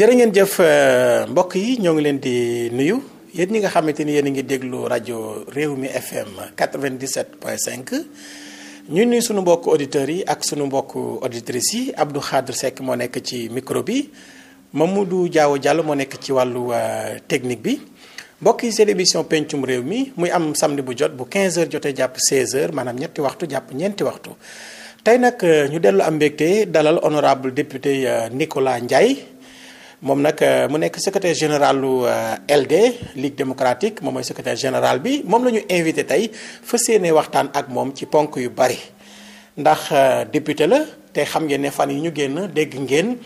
jërë ngeen jëf euh, mbokk yi ñoo ngi leen di nuyu yéen ñi nga xamante ni yéen a ngi déglu rajo réew mi FM 97.5 ñu nuyu suñu mbokk auditeurs yi ak suñu mbokk auditrices yi Abdou Khadre Seck moo nekk ci micro bi du Diaw Diallo moo nekk ci wàllu euh, technique bi mbokk yi seen émission pencum réew mi muy am samedi bu jot bu 15h jotee jàpp 16h maanaam ñetti waxtu jàpp ñeenti waxtu tey nag euh, ñu dellu am mbégte dalal honorable député Nicolas Ndiaye. moom nag euh, mu nekk secretaire général lu euh, LD Ligue démocratique moom mooy secretaire général bi moom la ñu invité tey fa yéene waxtaan ak moom ci ponk yu bari ndax euh, député la te xam ngeen ne fan yi ñu génn dégg ngeen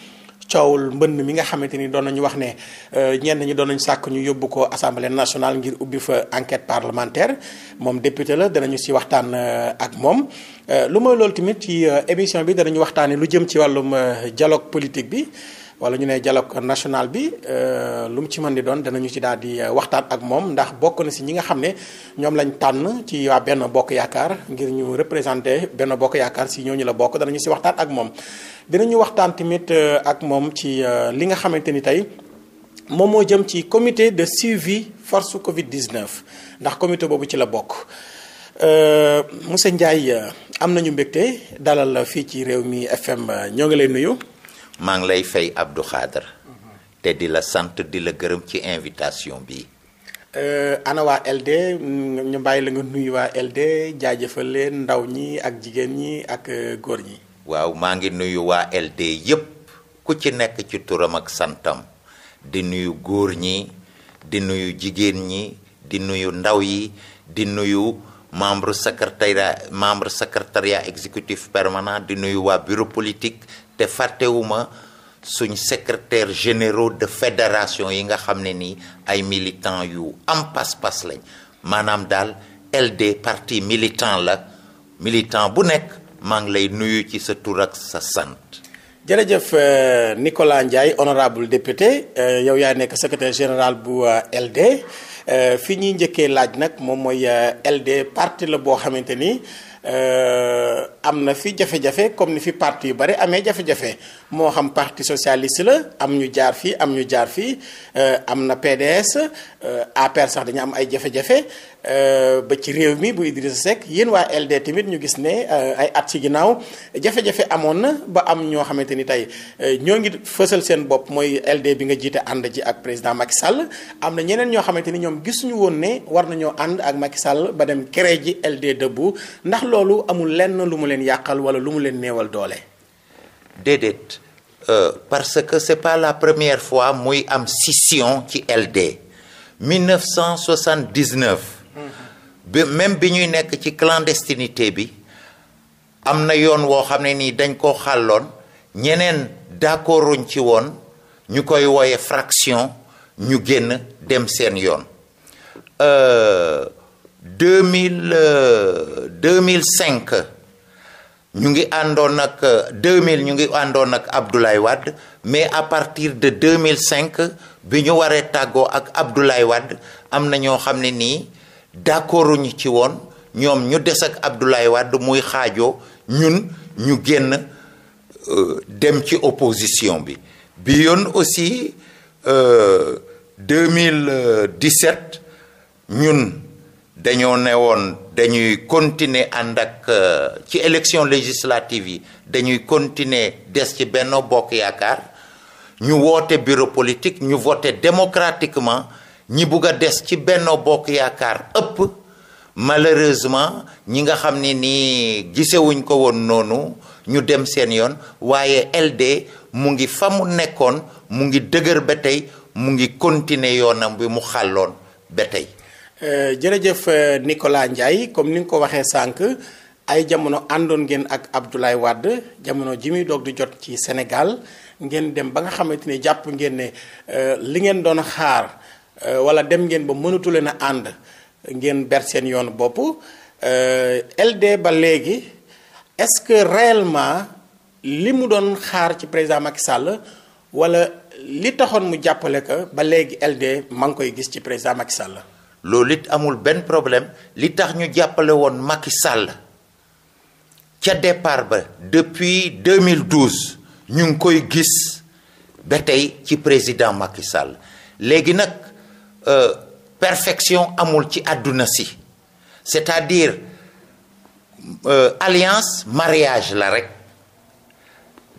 coowul mbënn mi nga xamante ni doon nañu wax ne ñenn ñi doon nañu sàkk ñu yóbbu ko assemblée nationale ngir ubbi fa enquête parlementaire moom député la danañu si waxtaan ak moom. lu mooy loolu tamit ci émission bi danañu waxtaanee lu jëm ci wàllum dialogue politique bi. wala ñu ne dialogue national bi euh, lu mu ci mën di doon danañu ci daal di euh, waxtaan ak moom ndax bokk na si ñi nga xam ne ñoom lañ tànn ci waa benn bokk yaakaar ngir ñu représenté benn bokk yaakaar si ñooñu la bokk danañu si waxtaan ak moom. dinañu waxtaan tamit euh, ak moom ci li nga xamante ni tey. moom moo jëm ci comité de suivi force Covid 19 ndax comité boobu ci la bokk monsieur Ndiaye am nañu mbégte dalal fii ci réew mi FM ñoo ngi leen nuyu. maa ngi lay fay Abdou Khadre te di la sant di la gërëm ci invitation bi euh, ana waa LD ñu bàyyi la nga nuyu waa LD jaajëfal leen ndaw ñi ak jigéen ñi ak euh, góor ñi. waaw maa ngi nuyu waa LD yépp ku ci nekk ci turam ak santam di nuyu góor ñi di nuyu jigéen ñi di nuyu ndaw yi di nuyu membre secrétariat membre secrétariat exécutif permanent di nuyu waa bureau politique te fàttewuma suñ secretaire généraux de fédération yi nga xam ne nii ay militants yu am pas-pas lañ maanaam daal LD parti militant la militant bu nekk maa ngi lay nuyu ci sa tur ak sa sant. jërëjëf euh, Nicolas Ndiaye honorable député euh, yow yaa nekk secrétaire général bu euh, LD. fi ñuy njëkkee laaj nag moom mooy LD parti la boo xamante ni. Euh, am na fi jafe-jafe comme ni fi parti yu bari amee jafe-jafe moo xam parti socialiste la am ñu jaar fii am ñu jaar fii euh, am na PDS. Euh, APR sax dañu am ay jafe-jafe euh, ba ci réew mi bu Idrissa Seck yéen waa LD tamit ñu gis ne euh, ay at ci ginnaaw jafe-jafe amoon na ba am ñoo xamante ni tey ñoo ngi fësal seen bopp mooy LD bi nga jiite ànd ji ak président Macky Sall am na ñeneen ñoo xamante ni ñoom gisuñu woon ne war nañoo ànd ak Macky Sall ba dem créé ji LD debout ndax loolu amul lenn lu mu leen yàqal wala lu mu leen néewal doole. déedéet parce que c'est pas la première fois muy am scission ci LD. 1979 bi même bi ñuy nekk ci clandestinité bi am na yoon woo xam ne nii dañ koo xàlloon ñeneen d'accorduñ ci woon ñu koy wooye fraction ñu génn dem seen yoon 2000 euh, 2005 euh, ñu ngi àndoon ak 2000 ñu ngi àndoon ak Abdoulaye Wade mais à partir de 2005 bi ñu waree tàggoo ak Abdoulaye Wade am na ñoo xam ne nii d'accorduñu ci woon ñoom ñu des ak Abdoulaye Wade muy xaajoo ñun ñu génn euh, dem ci opposition bi bi yoon aussi 2017 euh, ñun dañoo ne dañuy continuer ànd ak euh, ci élection législative yi dañuy continuer des ci benn Bokk Yaakaar ñu woote bureau politique ñu voté démocratiquement ñi bugg a des ci Benno Bokk Yaakaar ëpp malheureusement ñi nga xam ni nii gisewuñ ko woon noonu ñu dem seen yoon waaye LD mu ngi fa mu nekkoon mu ngi dëgër ba tey mu ngi continuer yoonam bi mu xalloon ba tey. Euh, jërëjëf euh, Nicolas Ndiaye comme ni nga ko waxee sànq ay jamono àndoon ngeen ak Abdoulaye Wade jamono ji muy doog di jot ci Sénégal. ngeen dem ba nga xamante ne jàpp ngeen ne euh, li ngeen doon xaar euh, wala dem ngeen ba mënatu leen a ànd ngeen ber seen yoon bopp euh, LD ba léegi est-ce que réellement li mu doon xaar ci président Macky Sall wala li taxoon mu jàppale ko ba léegi LD maa ngi koy gis ci président Macky Sall. loolu it amul benn problème li tax ñu jàppalewoon woon sàll ca départ ba depuis 2012 ñu ngi koy gis ba tey ci président Macky léegi nag euh, perfection amul ci àdduna si c'est-à-dire euh, alliance mariage la rek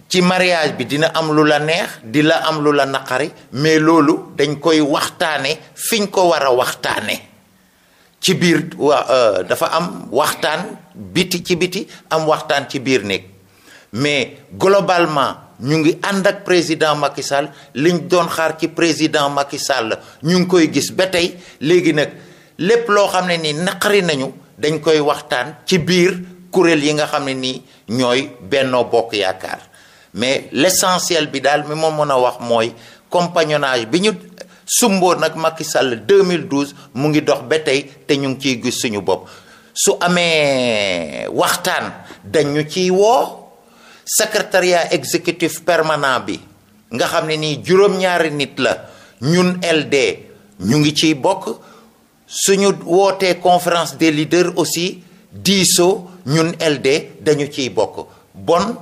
ci mariage bi dina am lu la neex di la am lu la naqari mais loolu dañ koy waxtaane fiñ ko war a waxtaane ci biir wa euh, dafa am waxtaan biti ci biti am waxtaan ci biir néeg mais globalement ñu ngi ànd ak président Macky Sall liñ doon xaar ci président Macky Sall ñu ngi koy gis ba tey léegi nag lépp loo xam ne nii naqari nañu dañ koy waxtaan ci biir kuréel yi nga xam ne nii ñooy Benno Bokk Yaakaar mais l'essentiel bi daal mi moom mën a wax mooy compagnonnage bi ñu sumboo nag Macky Sall 2012 mu ngi dox ba tey te ñu ngi ciy gis suñu bopp su amee waxtaan dañu ciy woo secretariat exécutif permanent bi nga xam ne nii juróom-ñaari nit la ñun LD ñu ngi ciy bokk suñu wootee conférence des leaders aussi diisoo ñun LD dañu ciy bokk bon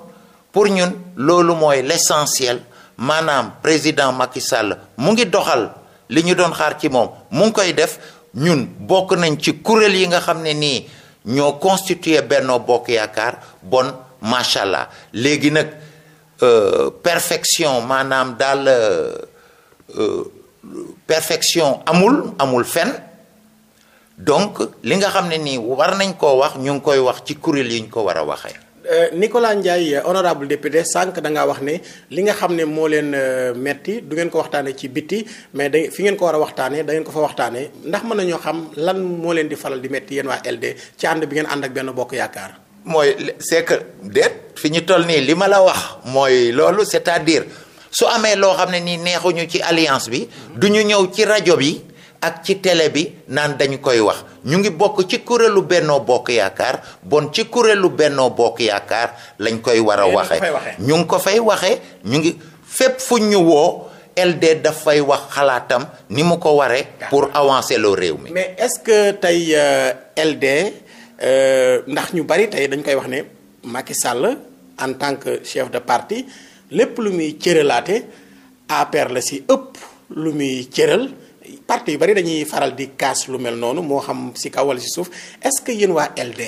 pour ñun loolu mooy l'essentiel maanaam président Macky mu ngi doxal li ñu doon xaar ci moom mu ngi koy def ñun bokk nañ ci kuréel yi nga xam ne nii ñoo constitué Benno Bokk Yaakaar bon macha allah léegi nag euh, perfection maanaam daal euh, euh, perfection amul amul fen donc li nga xam ne nii war nañ koo wax ñu ngi koy wax ci kuréel yi ñu ko war a waxee. Nicolas Ndiaye honorable député sànq da ngaa wax ne li nga xam ne moo leen metti du ngeen ko waxtaanee ci bitti mais da fi ngeen ko war a waxtaanee da ngeen ko fa waxtaanee ndax mën nañoo xam lan moo leen di faral di metti yéen waa LD ci ànd bi ngeen ànd ak benn bokk yaakaar. mooy c'est que fi ñu toll nii li ma la wax mooy loolu c'est-à-dire su amee loo xam ne nii neexuñu ci alliance bi du ñu ñëw ci rajo bi ak ci télé bi naan dañu koy wax ñu ngi bokk ci kuréelu Benno Bokk Yaakaar bon ci kuréelu Benno Bokk Yaakaar lañ koy war a waxe ñu ngi ko fay waxe ñu ngi fépp fu ñu woo LD dafay wax xalaatam ni mu ko waree pour avancer loo réew mi mais est-ce que tey euh, LD Euh, ndax ñu bari tey dañ koy wax ne Macky Sall en tant que chef de parti lépp lu muy cëralaate APR la si ëpp lu muy cëral parti yu bari dañuy faral di kaas lu mel noonu moo xam si kawal si suuf est-ce que yéen waa LD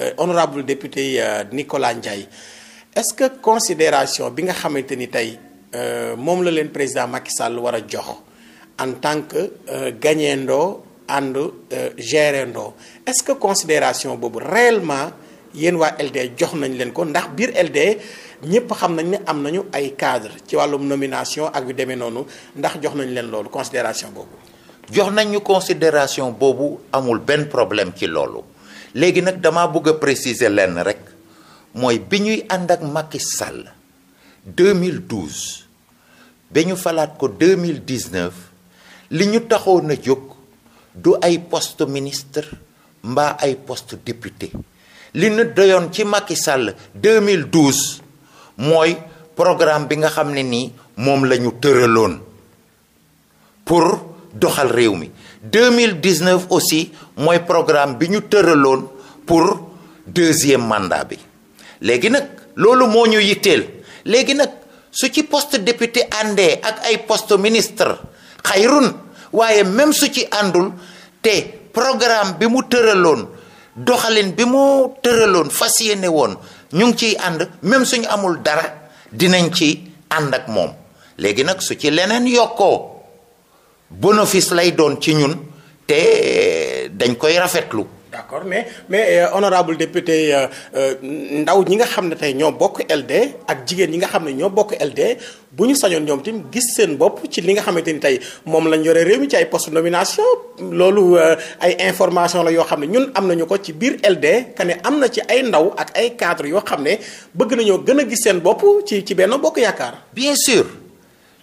euh, honorable député euh, Nicolas Ndiaye est-ce que considération bi nga xamante ni tey moom la leen président Macky Sall war a jox en tant que gagnendoo ànd euh, gérer ndoo est-ce que considération boobu réellement yéen waa LD jox nañ leen ko ndax biir LD ñëpp xam nañ ne am nañu ay cadre ci wàllum nomination ak yu demee noonu ndax jox nañ leen loolu considération boobu. jox nañ ñu considération boobu amul benn problème ci loolu léegi nag dama bëgg a préciser lenn rek mooy bi ñuy ànd ak Macky Sall 2012 ba ñu falaat ko 2019 li ñu taxoon a jóg. du ay poste ministre mbaa ay poste député li ñu doyoon ci Macky Sall 2012 mooy programme bi nga xam ne nii moom la ñu tëraloon pour doxal réew mi 2019 aussi mooy programme bi ñu tëraloon pour deuxième mandat bi léegi nag loolu moo ñu yitteel léegi nag su ci poste député àndee ak ay poste ministre xayrun waaye même su ci àndul te programme bi mu tëraloon doxalin bi mu tëraloon fas yéene woon ñu ngi ciy ànd même suñu amul dara dinañ ci ànd ak moom léegi nag su ci leneen yokkoo bénéfice lay doon ci ñun te dañ koy rafetlu d' accord mais mais euh, honorable député euh, euh, ndaw ñi nga xam ne tey ñoo bokk LD ak jigéen ñi nga xam ne ñoo bokk LD bu ñu sañoon ñoom tim gis seen bopp ci li nga xamante ni tey moom lañ yore réew mi ci ay poste nomination loolu euh, ay information la yoo xam ne ñun am nañu ko ci biir LD que ne am na ci ay ndaw ak ay cadre yoo xam ne bëgg nañoo gën a gis seen bopp ci ci benn bokk yaakaar. bien sûr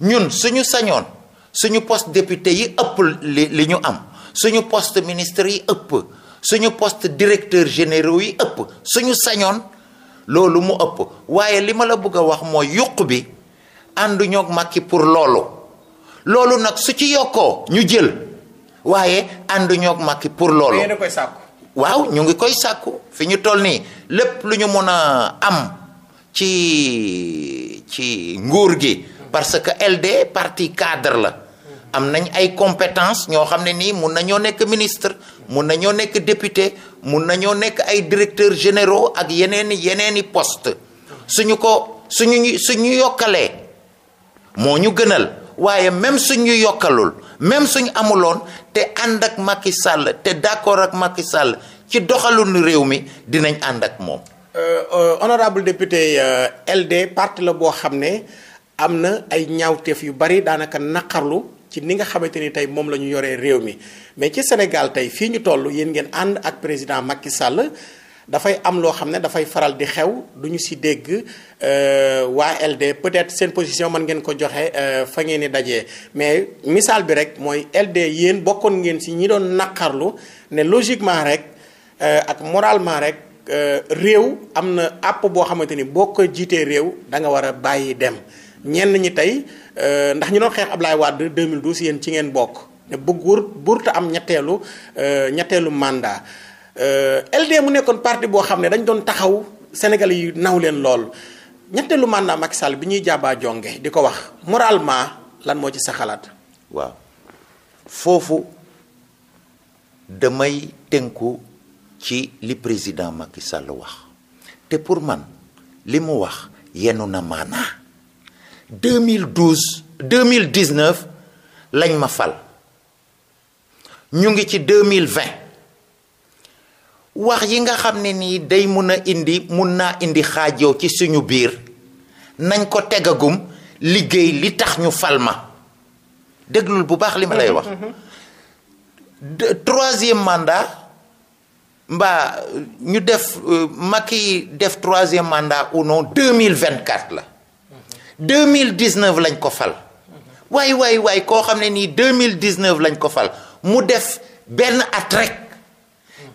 ñun suñu sañoon suñu poste député yi ëpp li li ñu am suñu post ministre yi ëpp. suñu poste directeur généraux yi ëpp suñu sañoon loolu mu ëpp waaye li ma la bëgg a wax mooy yuq bi ànduñook Macky pour loolu loolu nag su ci yokkoo ñu jël waaye ànduñoog Macky pour loolu. yéen a sàkku. waaw ñu ngi koy sàkku fi ñu toll nii lépp lu ñu mën a am ci ci nguur gi. parce que LD partie cadre la. am nañ ay compétence ñoo xam ne nii mun nañoo nekk ministre mun nañoo nekk député mun nañoo nekk ay directeurs généraux ak yeneen yeneen i poste suñu ko suñu suñu yokkalee moo ñu gënal waaye même suñu yokkalul même suñu amuloon te ànd ak Macky sàll te d'accord ak Macky Sall ci doxalunu réew mi dinañ ànd ak moom. Euh, euh, honorable député euh, LD parti la boo xam ne am na ay ñaawteef yu bari daanaka naqarlu. ci ni nga xamante ni tey moom la ñu yoree réew mi mais ci Sénégal tey fii ñu toll yéen ngeen ànd ak président Macky Sall dafay am loo xam ne dafay faral di xew du ñu si dégg euh, waa LD peut-être seen position man ngeen ko joxe euh, fa ngeen di dajee mais misaal bi rek mooy LD yéen bokkoon ngeen si ñi doon naqarlu ne logiquement rek euh, ak moralement rek réew am na àpp boo xamante ni boo ko jiitee réew danga nga war a bàyyi dem. ñenn ñi tey euh, ndax ñu doon xeex Ablaye Wade 2012 yéen ci ngeen bokk ne bëgg burta am ñetteelu euh, ñetteelu mandat euh, LD mu nekkoon parti boo xam ne dañ doon taxaw Sénégalais yi naw leen lool ñetteelu mandat Macky Sall bi ñuy jaabaa jonge di ko wax moralement lan moo ci sa xalaat. waaw foofu damay tënku ci li président Macky wax te pour man li mu wax yenu na maanaa 2012 2019 lañ ma fal ñu ngi ci 2020 wax yi nga xam ne nii day mun a indi mun naa indi xaajoo ci suñu biir nañ ko tegagum liggéey li tax ñu fal ma déglul bu baax li ma lay wax. Mm-hmm, mm-hmm. troisième mandat mbaa ñu def euh, Macky def troisième mandat mille vingt 2024 la. mille 2019 lañ ko fal waay waay waay koo xam ne nii mille 2019 lañ ko fal mu def benn at rek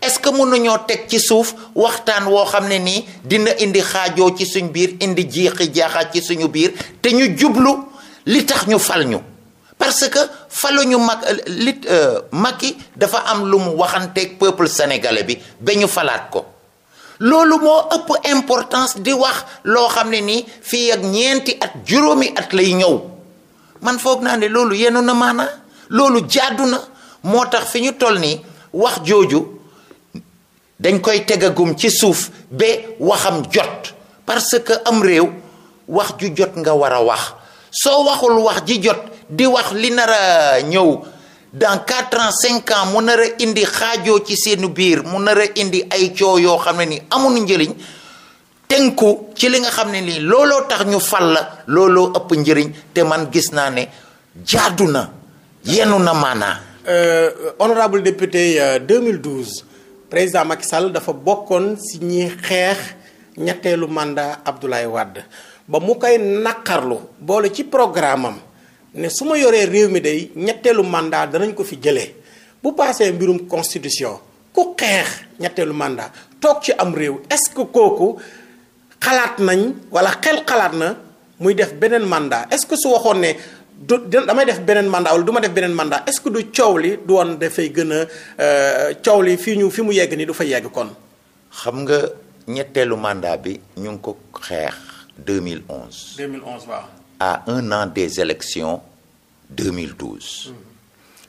est-ce que mënuñoo teg ci suuf waxtaan woo xam ne nii dina indi xaajoo ci suñ biir indi jiixi jaaxa ci suñu biir te ñu jublu li tax ñu fal ñu parce que ñu mag li euh, Macky dafa am lu mu waxanteeg peuple sénégalais bi ba ñu falaat ko loolu moo ëpp importance di wax loo xam ne nii fii ak ñeenti at juróomi at lay ñëw man foog naa ne loolu yenu na maanaa loolu jàddu na moo tax fi ñu toll nii wax jooju dañ koy tegagum ci suuf ba waxam jot parce que am réew wax ju jot nga war a wax soo waxul wax ji jot di wax li nar a ñëw dans quatre ans cinq ans mu nar a indi xaajoo ci seeni biir mu nar indi ay coow yoo xam ne ni amuñu njëriñ tenku ci li nga xam ne nii looloo tax ñu fal la looloo ëpp njëriñ te man gis naa ne jaadu na yenu na maanaa. Euh, honorable député 2012 euh, président Macky Sall dafa bokkoon si ñi xeex ñetteelu mandat Abdoulaye Wade ba mu koy naqarlu boole ci programme am. ne su ma yoree réew mi day ñetteelu mandat danañ ko fi jëlee bu paasee mbirum constitution ku xeex ñetteelu mandat toog ci am réew est-ce que kooku xalaat nañ walla xel xalaat na muy def beneen mandat est-ce que su waxoon ne du damay def beneen mandat wala du def beneen mandat est-ce que du coow li du woon dafay gën a euh, coow li fii ñu fi mu yegg nii du fa yegg kon. xam nga ñetteelu mandat bi ñu ngi ko xeex 2011. 2011 waaw. à un an des élections 2012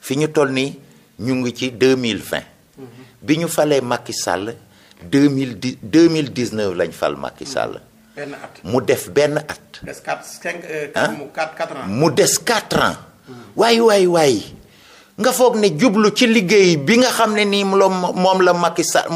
fi ñu toll nii ñu ngi ci 2020 bi ñu falee Macky Sall 2010 2019 lañ fal Macky Sall. mu def benn at. des 4 5 4 mu des 4 ans. waay waay waay nga foog ni jublu ci liggéey bi nga xam ne nii moom la Macky Sall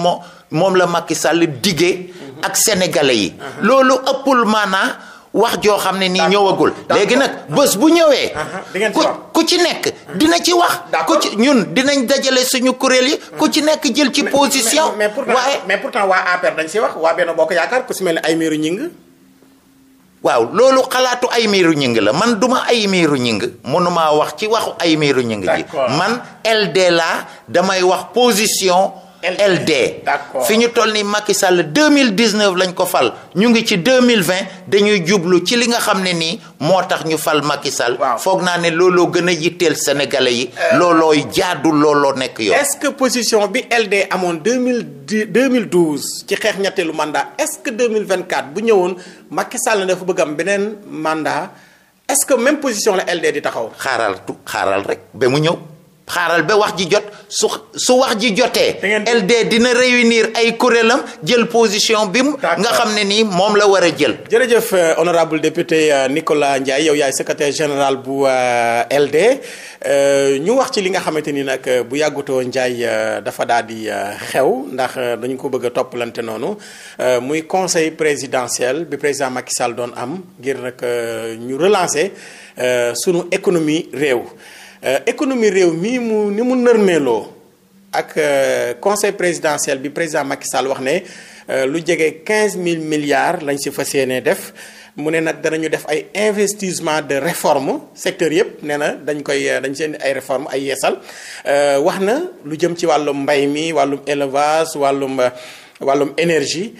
moom la Macky diggee. ak sénégalais yi. loolu ëppul maanaa. wax joo xam ne nii ñëwagul. léegi nag bés bu ñëwee. Uh-huh. ku ci nekk dina ci wax. ku ci ñun dinañ dajale suñu kuréel yi. ku ci uh-huh. nekk jël ci position. mais mais pourtant waa APR dañ si wax waa benn bokk yaakaar ku si mel ne ay miiru ñing waaw loolu xalaatu ay miiru ñing la man duma ay miiru ñing mënuma wax ci waxu ay miiru ñing ji man LD la damay wax position. LD fi ñu toll ni Macky Sall 2019 lañ ko fal ñu ngi ci 2020 dañuy jublu ci li nga xam ne nii moo tax ñu fal Macky Sall foog naa ne looloo gën a yitteel sénégalais yi euh, loolooy jaadu looloo nekk yow est-ce que position bi LD amoon 2012 ci xeex ñetteelu mandat est-ce que 2024 bu ñëwoon Macky Sall dafa bëgg am beneen mandat est-ce que même position la LD di taxaw xaaral xaaral rek ba mu ñëw xaaral bi wax ji jot su su wax ji jotee. LD dina réunir ay kuréelam jël position bi mu. nga xam ne nii moom la war a jël. jërëjëf euh, honorable député euh, Nicolas Ndiaye yow yaay secretaire général bu euh, LD ñu wax ci li nga xamante ni nag bu yàggutoo Ndiaye dafa daal di xew ndax dañu ko bëgg a toppalante noonu muy conseil présidentiel bi président Macky Sall doon am ngir nag ñu relancer sunu économie réew. Euh, économie réew mii mu ni mu nërmeeloo ak euh, conseil présidentiel bi président Macky Sall wax ne euh, lu jege quinze mille milliards lañ si fas yéenee def mu ne nag danañu def ay investissement de réforme secteur yëpp nee na dañ koy dañ seen ay réforme ay yeesal wax na lu jëm ci wàllum mbay mi wàllum élevage wàllum wàllum énergie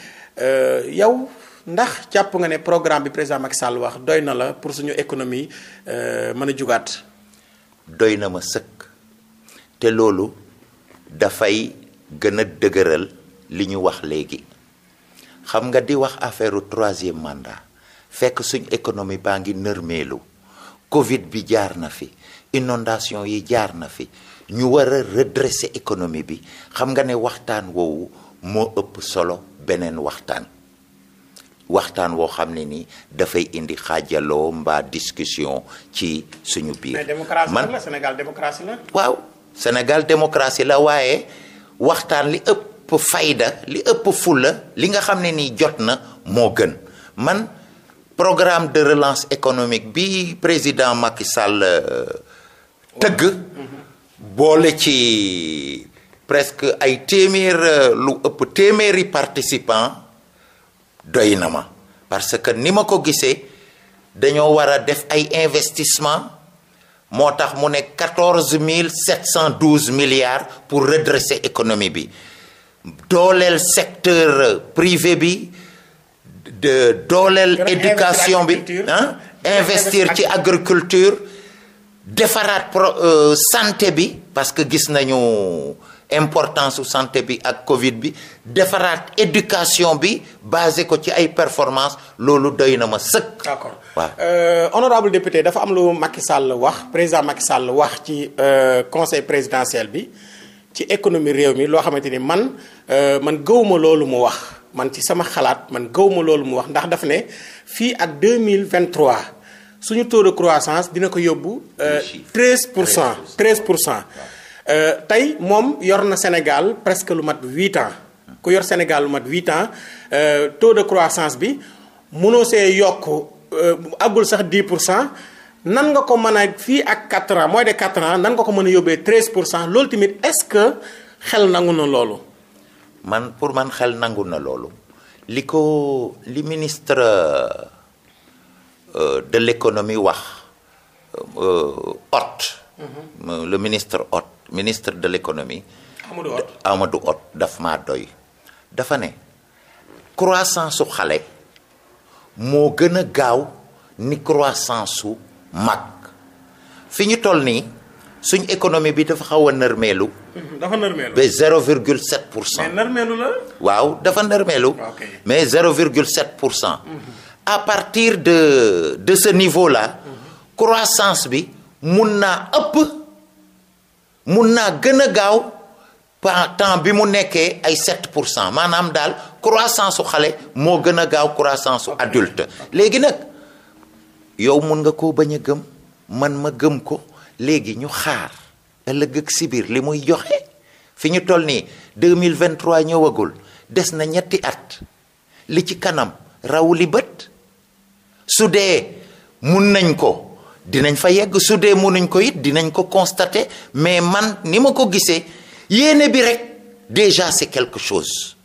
yow ndax jàpp nga ne programme bi président Macky Sall wax doy na la pour suñu économie mën a jugaat doy na ma sëkk te loolu dafay gën a dëgëral li ñu wax léegi xam nga di wax affaire u troisième mandat fekk suñ économie baa ngi nërmeelu Covid bi jaar na fi inondation yi jaar na fi ñu war a redresser économie bi xam nga ne waxtaan woowu moo ëpp solo beneen waxtaan waxtaan woo xam ne nii dafay indi xaajaloo mbaa discussion ci suñu biir. man démocratie la Sénégal démocratie la. waaw Sénégal démocratie la waaye waxtaan li ëpp fayda li ëpp fulla li nga xam ne nii jot na moo gën man programme de relance économique bi président Macky Sall euh, tëgg. boole ci presque ay téeméer euh, lu ëpp téeméeri participants. doy na ma parce que ni ma ko gisee dañoo war a def ay investissement moo tax mu ne quatorze mille sept cent douze milliards pour redresser économie bi dooleel secteur privé bi de dooleel éducation bi ah investir ci agriculture defaraat pro euh, santé bi parce que gis nañu importance su santé bi ak Covid bi defaraat éducation bi basé ko ci ay performance loolu doy na ma sëkk. d'accord waaw euh, honorable député dafa am lu Macky Sall wax président Macky Sall wax ci euh, conseil présidentiel bi ci économie réew mi loo xamante ni man euh, man gëwuma loolu mu wax man ci sama xalaat man gëwuma loolu mu wax ndax daf ne fii ak 2023 suñu taux de croissance dina ko yóbbu. 13 euh, pour cent 13 pour cent. Euh, tey moom yor na Sénégal presque lu mat huit ans ku yor Sénégal lu mat huit ans euh, taux de croissance bi mënoo see yokk àggul euh, sax dix pour cent nan nga ko mën a fii ak quatre ans mooy de quatre ans nan nga ko mën a yóbbee treize pour cent loolu tamit est-ce que xel nangu na loolu. man pour man xel nangu na loolu li ko li ministre de l'économie wax Hott. Mhm. le ministre ot ministre de l'économie Amadou Hott daf maa doy dafa ne croissance su xale moo gën a gaaw ni croissance su mag fi ñu toll nii suñ économie bi dafa xaw a nërmeelu. Mhm, dafa nërmeelu ba 0,7 pour cent. mais nërmeelu la. waaw dafa nërmeelu. Ah, mais 0,7 pour cent. Mhm. à partir de de ce niveau là. Mhm. croissance bi mun naa ëpp. mun naa gën a gaaw temps bi mu nekkee ay 7 pour cent maanaam daal croissance su xale moo gën a gaaw croissance su adulte léegi nag yow mun nga koo bañ a gëm man ma gëm ko léegi ñu xaar ëllëg ak si biir li muy joxe fi ñu toll nii 2023 ñëwagul des na ñetti at li ci kanam raw li bët su dee mun nañ ko. dinañ fa yegg su dee mënuñ ko it dinañ ko constater mais man ni ma ko gisee yéene bi rek déjà c'est quelque chose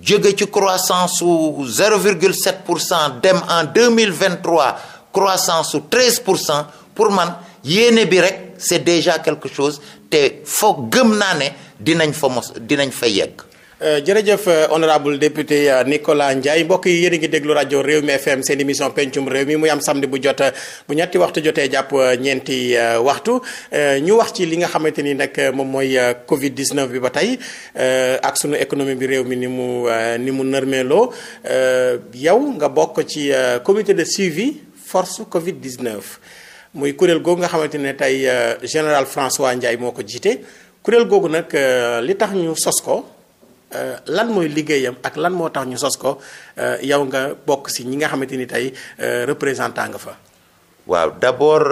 jóge ci croissance su 0,7 pour cent dem en 2023 croissance su 13 pour cent pour man yéene bi rek c'est déjà quelque chose te foog gëm naa ne dinañ fa mos dinañ fa yegg. Euh, jërëjëf euh, honorable député euh, Nicolas Ndiaye mbokk yi yéen a ngi déglu rajo réew mi FM seen émission pencum réew mi muy am samedi bu jota bu ñetti waxtu jotee jàpp ñeenti waxtu ñu wax ci li nga xamante ni nag moom mooy Covid 19 bi ba tey ak sunu économie bi réew mi ni mu ni mu nërmeeloo yow nga bokk ci comité de suivi force Covid 19 muy kuréel googu nga xamante ne tey général François Ndiaye moo ko jiite kuréel googu nag li tax ñu sos ko. Euh, lan mooy liggéeyam ak lan moo tax ñu sos ko euh, yow nga bokk si ñi nga xamante ni tey euh, représentant nga fa. waaw d'abord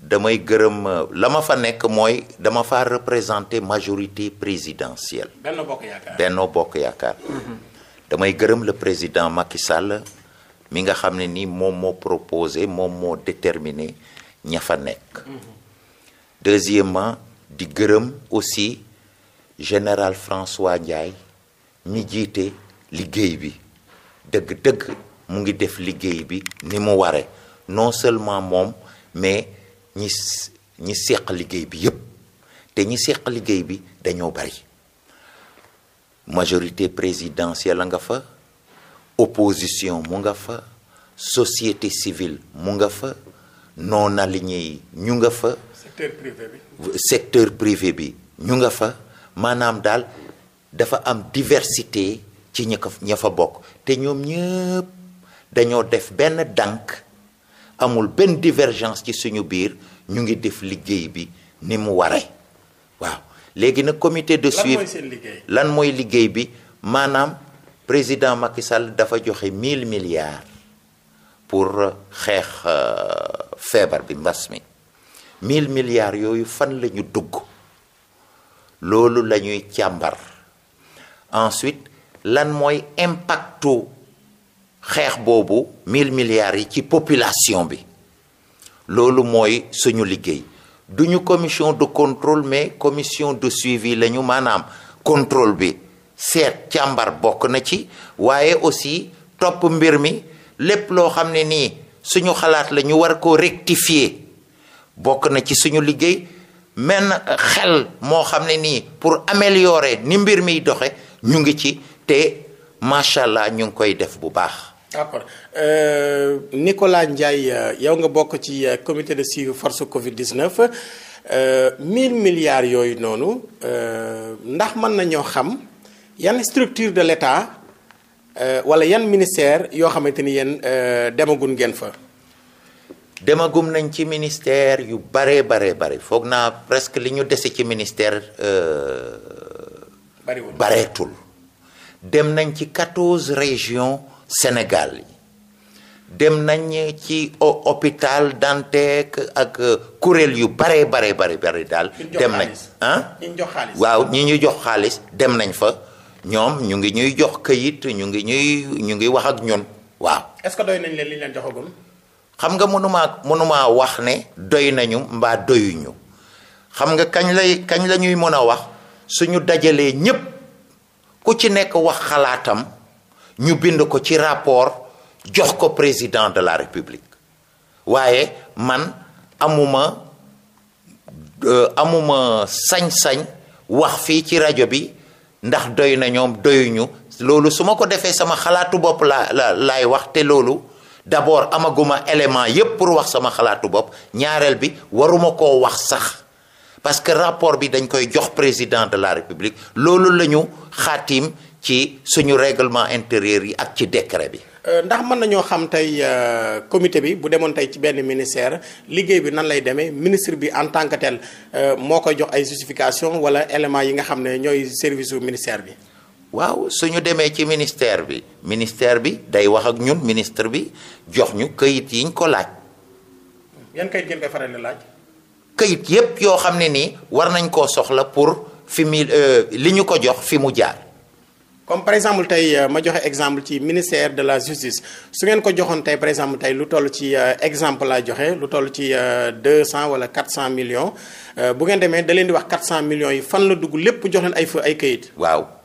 damay gërëm la ma fa nekk mooy dama faa représenter majorité présidentielle. Benno Bokk Yaakaar Bokk Yaakaar. Mhm. damay gërëm le président Macky Sall mi nga xam ne ni moom moo proposé moom moo déterminé ña fa nekk. Mhm. deuxièmement di gërëm aussi. général François Ndiaye mi jiite liggéey bi dëgg-dëgg mu ngi def liggéey bi ni mu ware non seulement moom mais ñi ñi seq liggéey bi yëpp te ñi seq liggéey bi dañoo bari majorité présidentielle a nga fa opposition mu nga fa société civile mu nga fa non aligné yi ñu nga fa secteur privé bi ñu nga fa maanaam daal dafa am diversité ci ñi ko ña fa bokk te ñoom ñëpp dañoo def benn dànk amul benn divergence ci suñu biir ñu ngi def liggéey bi ni mu waree waaw léegi nag comité de suivi lan mooy liggéey bi maanaam président Macky Sall dafa joxe mille milliards pour xeex euh, feebar bi mbas mi mille milliards yooyu fan la ñu dugg loolu la ñuy càmbar ensuite lan mooy impactu xeex boobu mille milliards yi ci population bi loolu mooy suñu liggéey duñu commission de contrôle mais commission de suivi la ñu maanaam contrôle bi seet càmbar bokk na ci waaye aussi topp mbir mi lépp loo xam ne nii suñu xalaat lañu war ko rectifier bokk na ci suñu liggéey menn xel moo xam ne nii pour améliorer ni mbir miy doxe ñu ngi ci te macha allah ñu ngi koy def bu baax. d'accord euh, Nicolas Ndiaye yow nga bokk ci euh, commité de suivi force Covid 19 euh, 1000 milliards yooyu noonu euh, ndax mën nañoo xam yan structure de l'État euh, wala yan ministère yoo xamante ni yéen euh, demagun ngeen fa. demagum nañ ci ministère yu baree baree bare foog naa presque li ñu dese ci ministère euh, bareetul dem nañ ci quatorze régions Sénégal yi dem nañ ci hôpital Dantec ak euh, kuréel yu baree baree bare bare daal dem nañ ah waaw ñi ñu jox xaalis dem nañ fa ñoom ñu ngi ñuy jox këyit ñu ngi ñuy ñu ngi wax ak ñun waaw est-ce que nañ leen li ñu xam nga mënuma mënumaa wax ne doy nañu mbaa doyuñu xam nga kañ lay kañ lañuy mën a wax suñu dajalee ñépp ku ci nekk wax xalaatam ñu bind ko ci rapport jox ko président de la république waaye man amuma euh, amuma sañ-sañ wax fii ci rajo bi ndax doy na ñoom doyuñu loolu su ma ko defee sama xalaatu bopp la la laay wax te loolu d'abord amaguma élément yépp pour wax sama xalaatu bopp ñaareel bi waruma koo wax sax parce que rapport bi dañ koy jox président de la république loolu la ñu xaatim ci suñu réglement intérieur yi ak ci décret bi. Euh, ndax mën nañoo xam tey euh, comité bi bu demoon tey ci benn ministère liggéey bi nan lay demee ministre bi en tant que tel euh, moo koy jox ay justification wala élément yi nga xam ne ñooy service su ministère bi. waaw suñu demee ci ministère bi ministère bi day wax ak ñun ministre bi jox ñu kayit këyit ñu ko laaj. yan këyit ngeen koy faral di laaj. këyit yépp yoo xam ne nii war nañ koo soxla pour fi mu euh, li ñu ko jox fi mu jaar. comme par exemple tey euh, ma joxe exemple ci ministère de la justice su ngeen ko joxoon tey par exemple tey lu toll ci euh, exemple laa joxe lu toll ci 200 wala 400 millions bu ngeen demee daleen di wax 400 millions yi fan la dugg lépp jox leen ay fa ay këyit. waaw.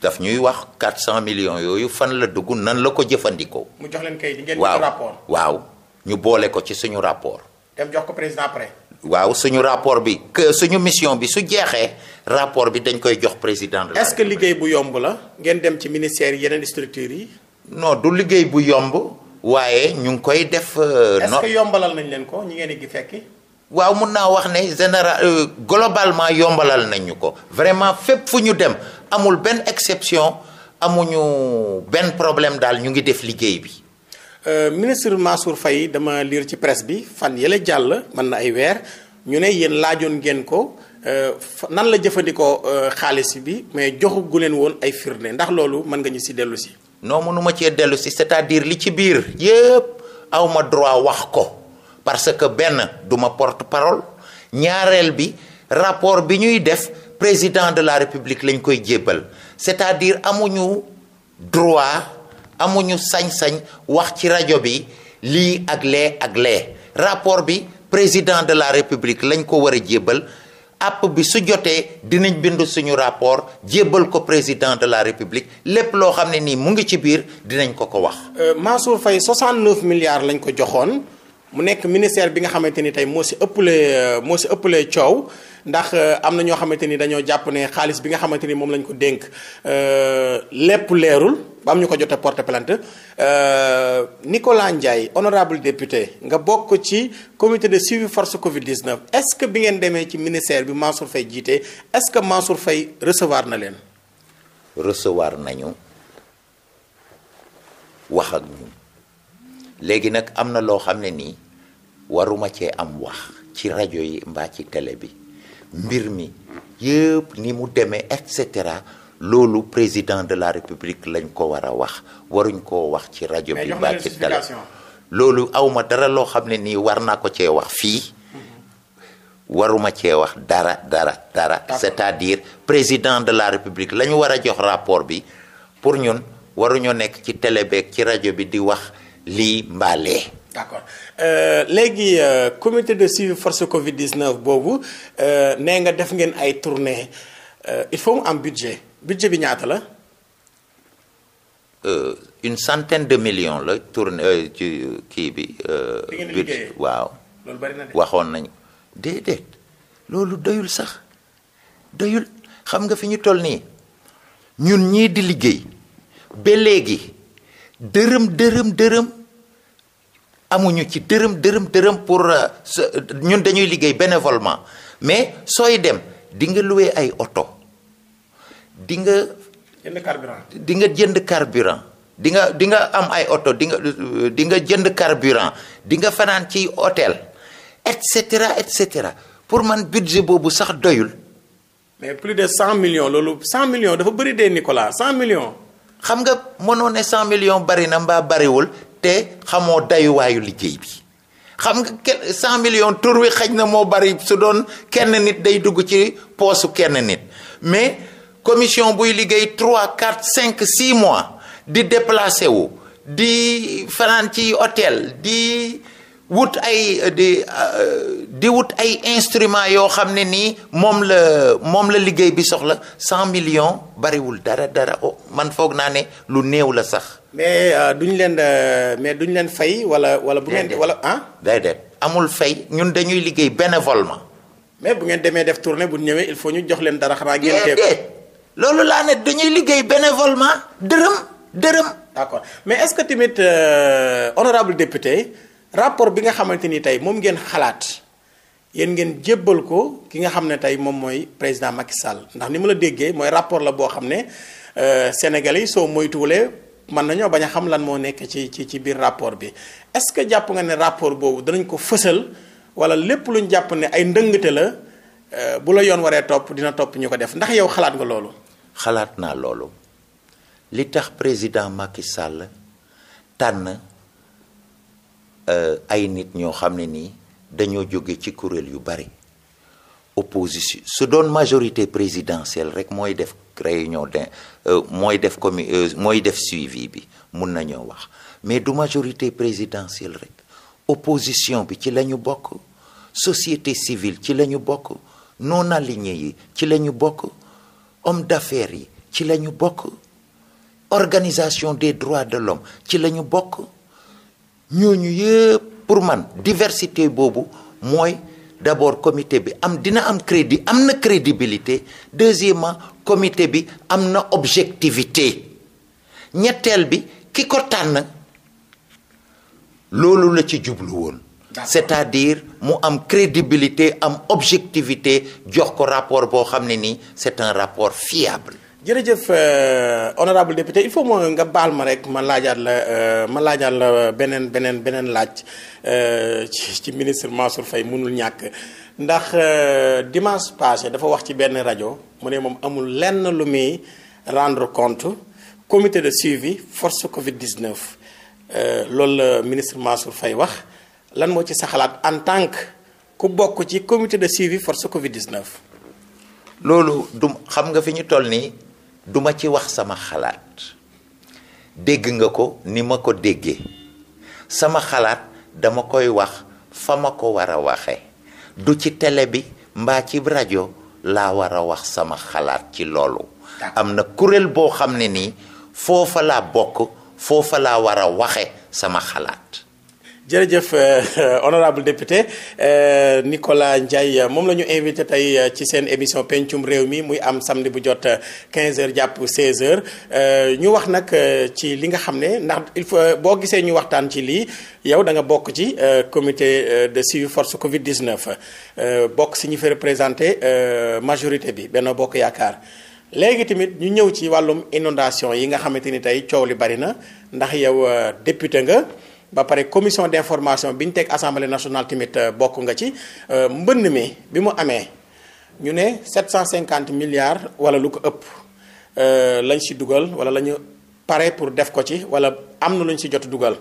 daf ñuy wax cent millions yooyu fan la dugg nan la ko jëfandikoo. mu jox leen kayit ngeen waaw rapport waaw ñu boole ko ci suñu rapport. dem jox ko président après. waaw suñu rapport bi suñu mission bi su jeexee rapport bi dañ koy jox président de la. est-ce que liggéey bu yomb la ngeen dem ci ministère yeneen structures yi. non du liggéey bu yomb waaye ñu ngi koy def. Euh, no est-ce que yombalal nañ leen ko ñi ngeen gi fekki. waaw mun naa wax ne général euh, globalement yombalal nañ ñu ko vraiment fépp fu ñu dem. amul benn exception amuñu benn problème daal ñu ngi def liggéey bi. Euh, ministre Mansour fay dama liir ci presse bi fan yële jàll mën na ay weer ñu ne yéen laajoon ngeen ko euh, nan la jëfandikoo euh, xaalis bi mais joxu gu leen woon ay firnde ndax loolu mën nga ñu si dellu si. non mënuma cee dellu si c'est-à-dire li ci biir yépp awma droit wax ko parce que benn duma porte-parole ñaareel bi rapport bi ñuy def. président de la république lañ koy jébbal c'est-à-dire amuñu droit amuñu sañ-sañ wax ci rajo bi lii ak lee ak lee rapport bi président de la république lañ ko war a jébbal app bi su jotee dinañ bind suñu rapport jébbal ko président de la république lépp loo xam ne nii mu ngi ci biir dinañ ko ko wax. Euh, Mansour Faye 69 milliards lañ ko joxoon mu nekk ministère bi nga xamante ni tey moo si ëppale euh, moo si ëppale coow. ndax euh, am na ñoo xamante ni dañoo jàpp ne xaalis bi nga xamante ni moom lañ ko dénk euh, lépp leerul ba am ñu ko jotee porte plainte euh, Nicolas Ndiaye honorable député nga bokk ci comité de suivi force Covid 19 est-ce que bi ngeen demee ci ministère bi Mansour Faye jiite est-ce que Mansour fay recevoir na leen. recevoir nañu wax ak ñun léegi nag am na loo xam ne nii waruma cee am wax ci rajo yi mbaa ci télé bi. mbir mi yëpp ni mu demee et cetera loolu président de la république lañ ko war a wax waruñ koo wax ci rajo bi ba ci télé loolu awma dara loo xam ne nii war naa ko cee wax fii waruma cee wax dara dara dara c'est-à-dire président de la république la ñu war a jox rapport bi pour ñun waruñoo nekk ci télé ci rajo bi di wax lii mbaalee d' accord euh, léegi euh, comité de suivi force Covid 19 boobu euh, nee nga def ngeen ay tournée euh, il faut mu am budget budget bi ñaata la. Euh, une centaine de million la tournée ci kii bi. budget waaw. loolu bari na waxoon nañu déedéet loolu doyul sax doyul xam nga fi ñu toll nii ñun ñii di liggéey ba léegi dërëm dërëm dërëm. amuñu ci dërëm dërëm dërëm pour euh, ñun dañuy liggéey bénévolement mais sooy dem di nga loué ay oto di nga. jënd carburant di nga jënd carburant. di nga di nga am ay oto di nga euh, di nga jënd carburant di nga fanaan ci otel et cetera et cetera pour man budget boobu sax doyul. mais plus de cent millions loolu cent millions dafa bëri de Nicolas cent million xam nga mënoon ne cent million bari na mbaa bariwul te xamoo dayuwaayu liggéey bi xam nga kenn cent million tour wi xëj na moo bari su doon kenn nit day dugg ci poosu kenn nit mais commission buy liggéey trois quatre cinq six mois di déplacé wu di fanaan ci hôtel di. wut ay euh, di euh, di wut ay instruments yoo xam ne nii moom la moom la liggéey bi soxla cent million bariwul dara dara oh man foog naa ne lu néew la sax. mais euh, duñ leen mais duñ leen fay wala wala. bu ngeen wala ah. day dem amul fay ñun dañuy liggéey bénévolement. mais bu ngeen demee def tournée bu ñëwee il faut ñu jox leen dara xanaa. ngeen déedéet loolu laa ne dañuy liggéey bénévolement dërëm dërëm. d'accord mais est-ce que tamit honorable député. rapport bi nga xamante ni tey moom ngeen xalaat yéen ngeen jébbal ko ki nga xam ne tey moom mooy président Macky Sall ndax ni ma la déggee mooy rapport la boo xam ne euh, sénégal yi soo moytuwulee mën nañoo bañ a xam lan moo nekk ci ci ci biir rapport bi est-ce que jàpp nga ne rapport boobu danañ ko fësal wala lépp luñ jàpp ne ay ndëngte la euh, bu la yoon waree topp dina topp ñu ko def ndax yow xalaat nga loolu. xalaat naa loolu li tax président Macky Sall tànn. Euh, ay nit ñoo xam ne nii dañoo jóge ci kuréel yu bari opposition su doon majorité présidentielle rek mooy def réunion de euh, mooy def commu euh, mooy def suivi bi mun na nañoo wax mais du majorité présidentielle rek opposition bi ci la ñu bokk société civile ci la ñu bokk non aligné yi ci la ñu bokk homme d'affaires yi ci la ñu bokk organisation des droits de l'homme ci la ñu bokk ñooñu yëpp pour man diversité boobu mooy d'abord comité bi am dina am crédit am na crédibilité deuxièmement comité bi am na objectivité ñetteel bi ki ko tànn loolu la ci jublu woon c'est-à-dire mu am crédibilité am objectivité jox ko rapport boo xam ne nii c'est un rapport fiable jërëjëf euh, honorable député il faut moo nga baal ma rek ma laajaat la euh, ma laajaat la beneen beneen beneen laaj euh, ci ci ministre Mansour Faye mënul ñàkk ndax dimanche passé dafa wax ci benn rajo mu ne moom amul lenn lu muy rendre compte comité de suivi force Covid 19 loolu la ministre Mansour Faye wax lan moo ci sa xalaat en tant que ku bokk ci comité de suivi force Covid 19. loolu du xam nga fi ñu toll nii. duma ci wax sama xalaat dégg nga ko ni ma ko déggee sama xalaat dama koy wax fa ma ko war a waxe du ci tele bi mbaa ci rajo laa war a wax sama xalaat ci loolu am na kuréel boo xam ne nii foofa laa bokk foofa laa war a waxe sama xalaat jërëjëf euh, honorable député euh, Nicolas Ndiaye euh, moom la ñu invité tey ci seen émission pencum réew mi muy am samedi bu jot 15h jàpp 16h ñu wax nag ci li nga xam ne ndax il faut boo gisee ñu waxtaan ci lii yow da nga bokk ci comité de suivi force Covid 19 bokk si ñu fi représenté majorité bi benn Bokk Yaakaar. léegi tamit ñu ñëw ci wàllum inondation yi nga xamante ni tey coow li bari na ndax yow député nga. ba pare commission d'information bi ñu teg assemblée national tamit euh, bokk nga ci euh, mbënn mi bi mu amee ñu ne 750 milliards wala lu ko ëpp euh, lañ si dugal wala lañu pare pour def ko ci wala am na lu ñu si jot dugal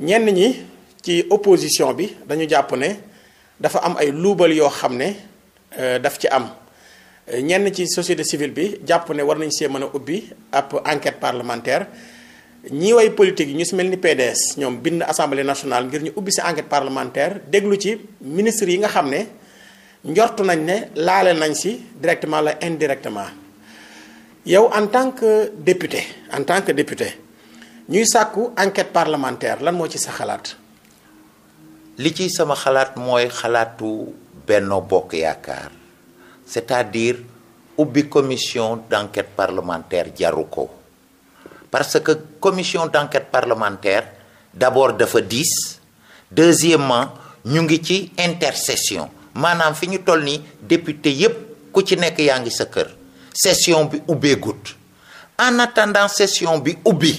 ñenn ñi ci opposition bi dañu jàpp ne dafa am ay luubal yoo xam ne daf ci am. ñenn ci société civile bi jàpp ne war nañ see mën a ubbi ab enquête parlementaire. ñi woy politique yi ñu si mel ni PDS ñoom bind assemblée nationale ngir ñu ubbi si enquête parlementaire déglu ci ministre yi nga xam ne njort nañ ne laale nañ si directement la indirectement yow en tant que député en tant que député ñuy sàkku enquête parlementaire lan moo ci sa xalaat. li ci sama xalaat mooy xalaatu Benno Bokk Yaakaar c'est-à-dire ubbi commission d'enquête parlementaire jaru ko. parce que commission d'enquête parlementaire d'abord dafa diis deuxièmement ñu ngi ci intercession maanaam fi ñu toll nii député yépp ku ci nekk yaa ngi sa kër session bi ubbeegut en attendant session bi ubbi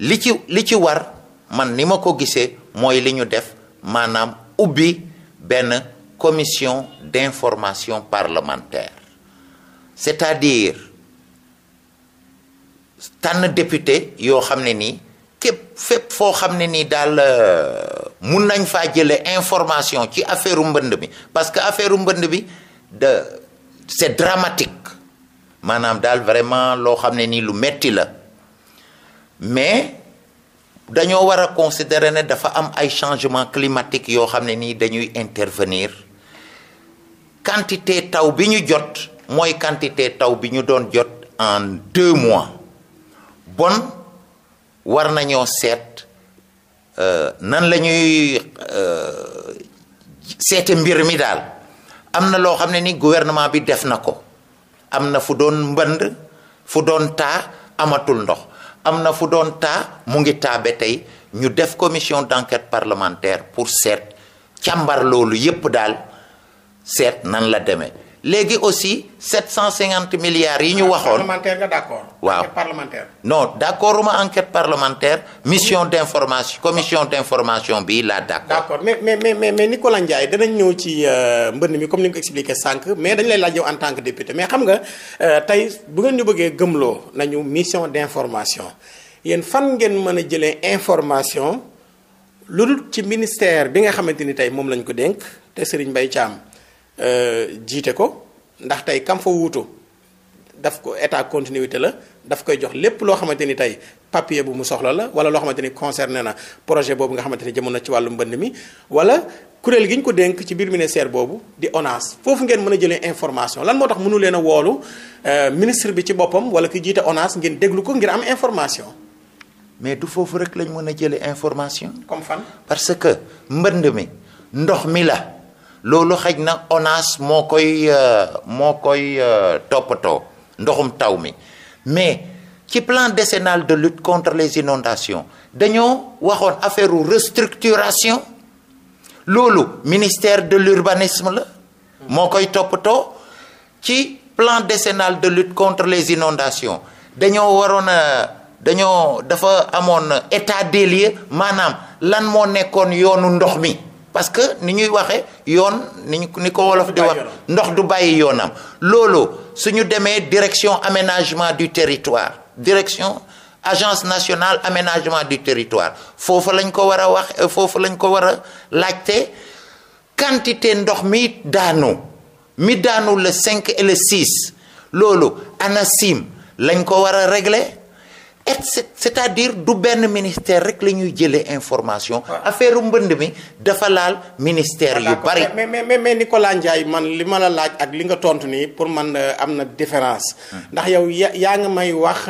li ci li ci war man ni ma ko gisee mooy li ñu def maanaam ubbi benn commission d'information parlementaire c'est-à-dire tànn député yoo xam ne nii képp fépp foo xam ne nii daal euh, mun nañ faa jëlee information ci affaire mbënd bi parce que affaire mbënd bi de c'est dramatique maanaam daal vraiment loo xam ne nii lu metti la mais dañoo war a considérer ne dafa am ay changement climatique yoo xam ne nii dañuy intervenir quantité taw bi ñu jot mooy quantité taw bi ñu doon jot en deux mois bon war nañoo seet euh, nan la ñuy euh, seete mbir mi daal am na loo xam ne ni gouvernement bi def na ko am na fu doon mbënn fu doon taa amatul ndox am na fu doon taa mu ngi taa ba tey ñu def commission d'enquête parlementaire pour seet càmbar loolu yépp daal seet nan la demee léegi aussi 750 milliards yi ñu waxoon parlementaire nga d'accord. waaw parlementaire. non d'accord ma enquête parlementaire mission d'information commission d'information bi laa d'accord. d'accord mais mais mais mais Nicolas Ndiaye danañ ñëw ci euh, mbënn mi comme ni nga ko expliqué sànq mais dañu lay laaj yow en tant que député mais xam nga euh, tey bu ngeen ñu bëggee gëmloo nañu mission d'information yéen fan ngeen mën a jëlee information lu dul ci ministère bi nga xamante ni tey moom lañ ko dénk te Serigne Mbaye Thiam. Euh, jiite ko ndax tey kam fa wuutu daf ko état continuité la daf koy jox lépp loo xamante ni tey papier bu mu soxla la wala loo xamante ni concerné na projet boobu nga xamante ni jëmoon na ci wàllu mbënd mi wala kuréel gi ñu ko dénk ci biir ministère boobu di ONAS foofu ngeen mën a jëlee information lan moo tax munu leen a woolu euh, ministre bi ci boppam wala ki jiite ONAS ngeen déglu ko ngir am information. mais du foofu rek lañ mën a jëlee information. comme parce que mbënd mi ndox mi la. loolu xaj na ONAS moo koy euh, moo koy euh, toppatoo ndoxum taw mi mais ci plan décennal de lutte contre les inondations dañoo waxoon affaire restructuration loolu ministère de l'urbanisme la moo koy toppatoo ci plan décennal de lutte contre les inondations dañoo waroon euh, dañoo dafa amoon état des maanaam lan moo nekkoon yoonu ndox mi parce que ni ñuy waxee yoon ni ñu ni ko wolof di wax ndox du bàyyi yoonam loolu su ñu demee direction aménagement du territoire direction agence nationale aménagement du territoire foofu lañ ko war a wax foofu lañ ko war a laajte quantité ndox mi daanu mi daanu le cinq et le 6 loolu ANACIM lañ ko war a régler et c'est-à-dire du benn ministère rek la ñuy jëlee information. affaire mbënd mi dafa laal ministère yu bari. mais mais mais Nicolas Ndiaye man li ma la laaj ak li nga tontu nii pour man euh, am na différence. Hmm. ndax yow yaa ngi may wax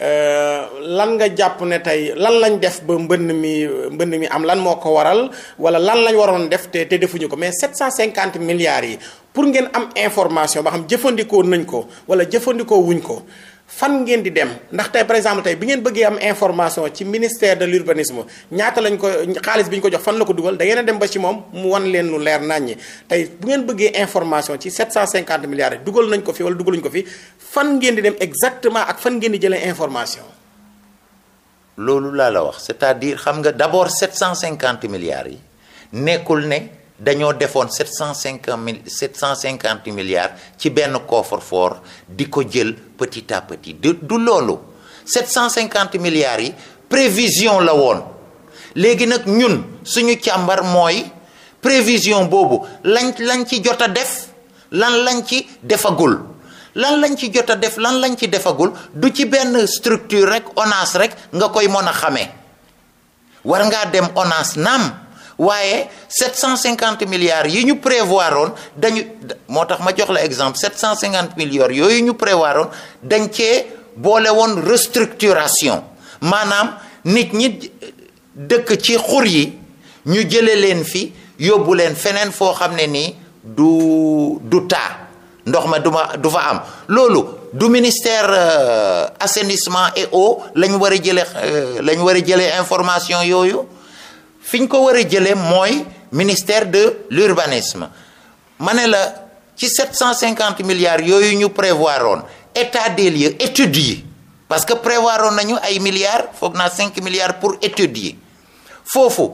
euh, lan nga jàpp ne tey lan lañ def ba mbënn mi mbënd mi am lan moo ko waral wala lan lañ waroon def te te defuñu ko mais 750 milliards yi pour ngeen am information ba xam jëfandikoo nañ ko wala jëfandikoo wuñ ko. fan ngeen di dem ndax tey par exemple tey bi ngeen bëggee am information ci ministère de l'urbanisme ñaata lañ ko xaalis bi ñu ko jox fan la ko dugal da ngeen dem ba ci moom mu wan leen lu leer naññi tey bu ngeen bëggee information ci 750 milliards yi dugal nañ ko fi wala dugaluñ ko fi fan ngeen di dem exactement ak fan ngeen di jëlee information. loolu laa la wax c'est-à-dire xam nga d'abord cinquante milliards yi nekkul ne. dañoo defoon sept cent cinquante mille sept cent cinquante milliards ci benn coffre foor di ko jël petit à petit du du loolu sept cent cinquante milliards yi prévision la woon léegi nag ñun suñu càmbar mooy prévision boobu lañ lañ ci jot a def lan lañ ci defagul lan lañ ci jot a def lan lañ ci defagul du ci benn structure rek ONAS rek nga koy mën a xamee war ngaa dem ONAS naam. waaye 750 milliards yi ñu prévoir oon dañu moo tax ma jox la exemple 750 milliards yooyu ñu prévoir oon dañ cee boole woon restructuration maanaam nit ñi dëkk ci xur yi ñu jële leen fi yóbbu leen feneen foo xam ne nii du du taa ndox ma du ma du fa am loolu du ministère euh, assenissement et eau la ñu war a jële euh, la ñu war a jëlee information yooyu fi ñu ko war a jëlee mooy ministère de l'urbanisme ma ne la ci 750 milliards yooyu ñu prévoir oon état des lieux yi parce que prévoir oon nañu ay milliards foog naa cinq milliards pour études yi foofu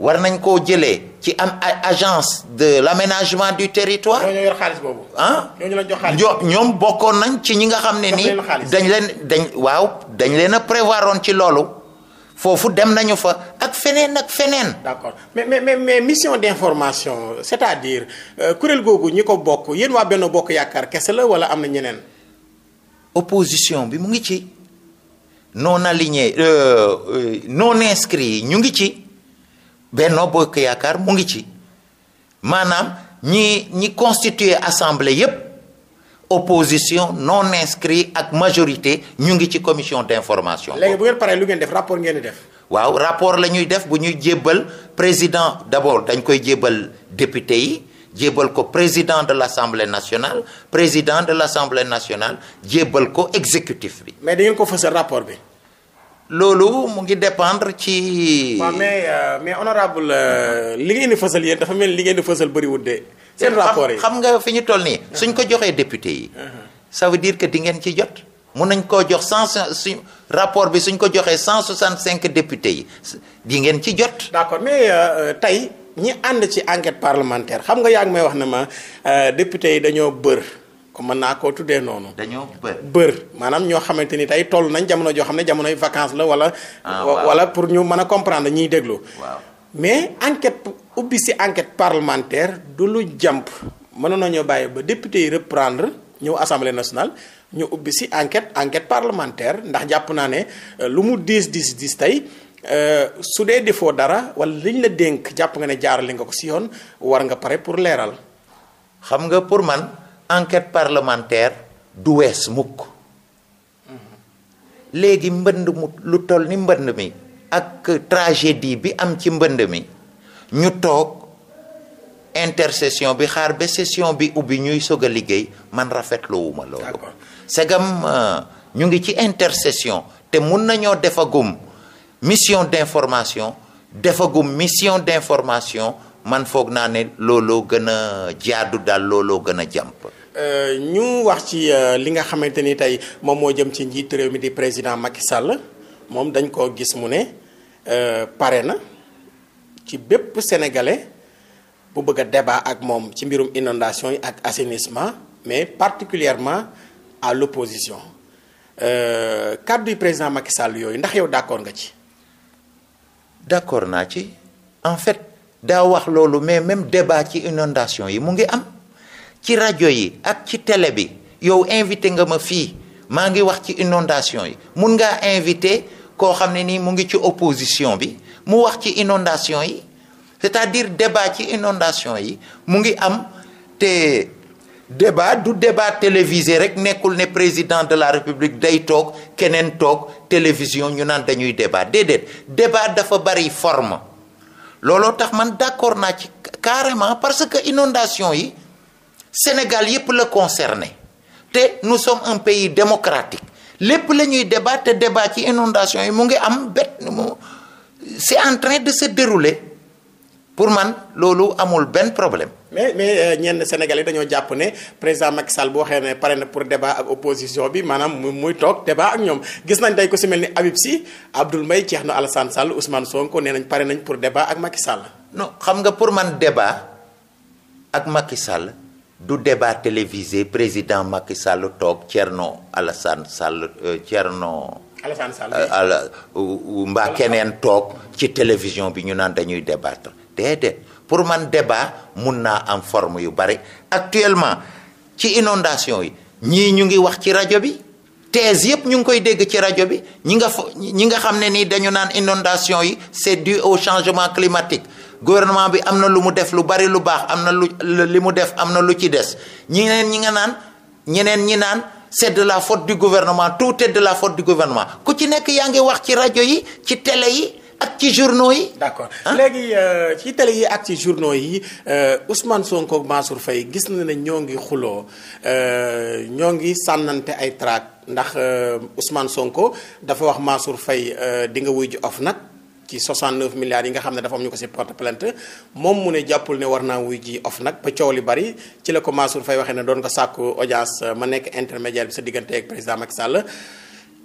war nañ ko jëlee ci am agence de l'aménagement du territoire. ñoo xaalis boobu. ah ñooñu lañ jox xaalis ñoom bokkoon nañ ci ñi nga xam ne nii. dañ leen dañ waaw dañ leen a prévoir oon ci loolu. foofu dem nañu fa ak feneen ak feneen. d'accord mais mais mais, mais mission d'information c'est-à-dire euh, kuréel googu ñi ko bokk yéen waa benn bokk yaakaar kese la wala am na ñeneen. opposition bi mu ngi ci non aligné euh, euh, non inscrit yi ñu ngi ci Benno Bokk Yaakaar mu ngi ci maanaam ñi ñi constitué assemblée yépp opposition non inscrit ak majorité ñu ngi ci commission d'information. léegi bu ngeen paree lu ngeen def rapport ngeen di def. waaw rapport la ñuy def bu ñuy jébbal président d'abord dañ koy jébbal député yi jébbal ko président de l'Assemblée nationale président de l'Assemblée nationale jébbal ko exécutif bi. mais dangeen ko fësal rapport bi. loolu mu ngi dépendre ci. waaw mais euh, mais honorable euh, li ngeen di fësal yéen dafa mel li ngeen di fësal bëriwul de. seen rapport yi xam nga fi ñu toll nii. suñ ko joxee député yi. ça veut dire que di ngeen ci jot. mun nañ koo jox cent suñ rapport bi suñ ko joxee cent soixante cinq député yi di ngeen ci jot. d'accord mais euh, euh, tey ñi ànd ci enquête parlementaire xam nga yaa ngi may wax ne ma euh, député yi dañoo bër. comme mën naa koo tuddee noonu. dañoo bër bër maanaam ñoo xamante ni tey toll nañ jamono joo xam ne jamonoy vacances la wala. Ah, wala pour ñu mën a comprendre ñiy déglu. mais enquête ubbi si enquête parlementaire du lu jàmp mënoon nañoo bàyyi ba député yi reprendre ñëw assemblée nationale ñu ubbi si enquête enquête parlementaire ndax jàpp naa ne euh, lu mu diis diis diis tey euh, su dee defoo dara wala liñ la dénk jàpp nga ne jaarale nga ko si yoon war nga pare pour leeral. xam nga pour man enquête parlementaire du wees mukk mhm. léegi mbënd mu lu toll ni mbënd mi. ak tragédie bi am ci mbënd mi ñu toog intercession bi xaar ba session bi ubbi ñuy soog a liggéey man rafetluwuma loolu segam euh, ñu ngi ci intercession te mun nañoo defagum mission d'information defagum mission d'information man foog naa ne looloo gën a jaadu daal looloo gën a jàmp euh, ñu wax ci euh, li nga xamante ni tey moom moo jëm ci njiit réew mi di président Macky Sall moom dañ koo gis mu ne Euh, pare na ci bépp sénégalais bu bëgg a débat ak moom ci mbirum inondation yi ak assainissement mais particulièrement à l'opposition euh, kàddu yi président Macky Sall yooyu ndax yow d'accord nga ci. d'accord naa ci en fait daa wax loolu mais même débat ci inondation yi mu ngi am ci rajo yi ak ci télé bi yow invité nga ma fii maa ngi wax ci inondation yi mun ngaa invité. koo xam ne nii mu ngi ci opposition bi mu wax ci inondation yi c'est-à-dire débat ci inondation yi mu ngi am te débat du débat télévisé rek nekkul ne président de la république day toog keneen toog télévision ñu naan dañuy débat déedéet débat dafa bari forme looloo tax man d'accord naa ci carrément parce que inondation yi Sénégal yépp la concerné te nu sommes un pays démocratique lépp la ñuy débat te débat ci inondation yi mu ngi am bet mu c'est en train de se dérouler pour man loolu amul benn problème. mais mais euh, ñenn Sénégalais yi dañoo jàpp ne président Macky Sall bu waxee ne pare na pour débat ak opposition bi maanaam muy muy toog débat ak ñoom gis nañ day ko si mel ni Habib Sy Abdoul Mbaye Thierno Alassane Sall Ousmane Sonko nee nañ pare nañ pour débat ak Macky Sall. non xam nga pour man débat ak Macky Sall. du débat télévisé président Macky Sall toog Thierno Alassane Sall euh, Thierno. Alassane Sall euh, ala mbaa keneen toog ci télévision bi ñu naan dañuy débattre déedéet pour man débat mun naa am forme yu bari actuellement ci inondation yi ñii ñu ngi wax ci rajo bi thèse yëpp ñu ngi koy dégg ci rajo bi ñi nga fo ñi nga xam ne nii dañu naan inondation yi c'est dû au changement climatique. gouvernement bi am na lu mu def lu bari lu baax am na lu li mu def am na lu ci des ñi neen ñi nga naan ñeneen ñi naan sedd la faute du gouvernement tout est de la faute du gouvernement ku ci nekk yaa ngi wax ci rajo yi ci télé yi ak ci journaux yi. d'accord léegi euh, ci télé yi ak ci journaux yi euh, Ousmane Sonko ak Mansour Faye gis na ne ñoo ngi xuloo euh, ñoo ngi sànnante ay tract ndax Ousmane Sonko dafa wax Mansour Faye di nga wuy ji of nag. ci 69 milliards yi nga xam ne dafa am ñu ko si porte plainte moom mu ne jàppul ne war naa wuy ji of nag ba coow li bari ci la ko Mansour Faye waxee ne doon ko sàkku audience ma nekk intermédiaire sa diggante ak président Macky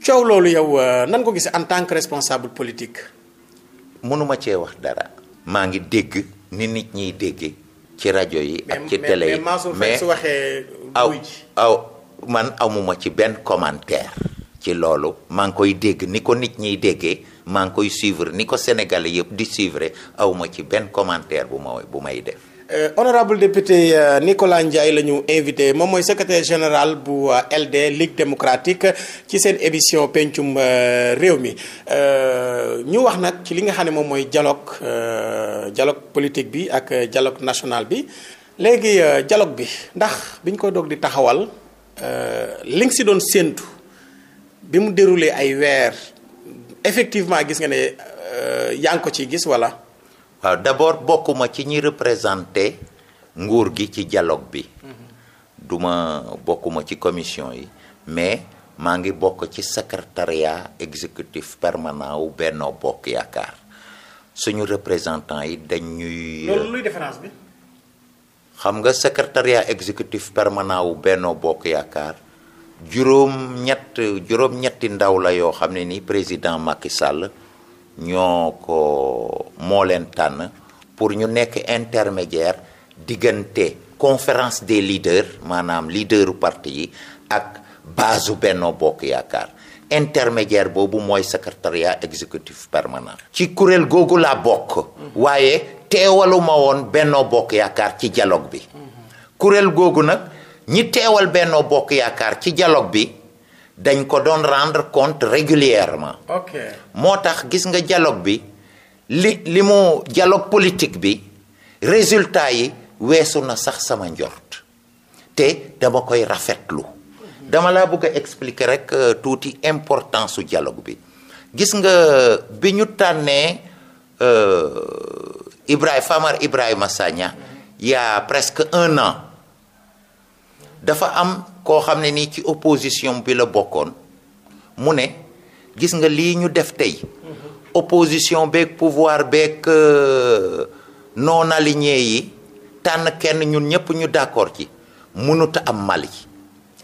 coow loolu yow euh, nan ko gisee en tant que responsable politique. mënuma cee wax dara. maa ngi dégg ni nit ñiy déggee. ci rajo yi ak ci télé yi mais Mansour su waxee. aw aw man amuma ci benn commentaire. ci loolu maa ngi koy dégg ni ko nit ñiy déggee. maa ngi koy suivre ni ko sénégalais yëpp di suivre awma ci benn commentaire bu ma bu may def. Euh, honorable député euh, Nicolas Ndiaye la ñu invité moom mooy secrétaire général bu euh, LD Ligue démocratique ci seen émission pencum euh, réew mi euh, ñu wax nag ci li nga xam ne moom mooy dialogue euh, dialogue politique bi ak dialogue national bi léegi jaloog bi ndax bi ñu koy doog di taxawal li nga si doon séentu bi mu déroulee ay weer effectivement gis nga ne euh, yaa ngi ko ci gis wala. waaw d'abord bokkuma ci ñi représenté nguur gi ci dialogue bi. Mm-hmm. duma bokkuma ci commission yi mais maa ngi bokk ci secrétariat exécutif permanent wu Benno Bokk Yaakaar suñu représentant yi dañuy. Euh, loolu luy bi. xam nga secrétariat exécutif permanent wu Benno Bokk Yaakaar. juróom ñett juróom ñetti ndaw la yoo xam ne ni président Macky Sall ñoo ko moo leen tànn pour ñu nekk intermédiaire diggante conférence des leaders maanaam leaderu parti yi ak base Benno Bokk Yaakaar intermédiaire boobu mooy secrétariat exécutif permanent. ci kuréel googu la bokk. waaye teewaluma woon Benno Bokk Yaakaar ci dialogue bi. Mhm. kuréel googu nag. ñi teewal benn Bokk Yaakaar ci dialogue bi dañ ko doon rendre compte régulièrement moo tax gis nga dialogue bi li li mu dialogue politique bi résultat yi weesu na sax sama njort te dama koy rafetlu dama la bëgg a expliquer rek euh, tuuti importance su dialogue bi gis nga bi ñu tànnee euh, Ibrahima Famar Ibrahima Sagna il y presque un an dafa am koo xam ne nii ci opposition bi la bokkoon mu ne gis nga lii ñu def tey opposition beeg pouvoir beeg euh, non aligné yi tànn kenn ñun ñëpp ñu d'accord ci mënuta am Mali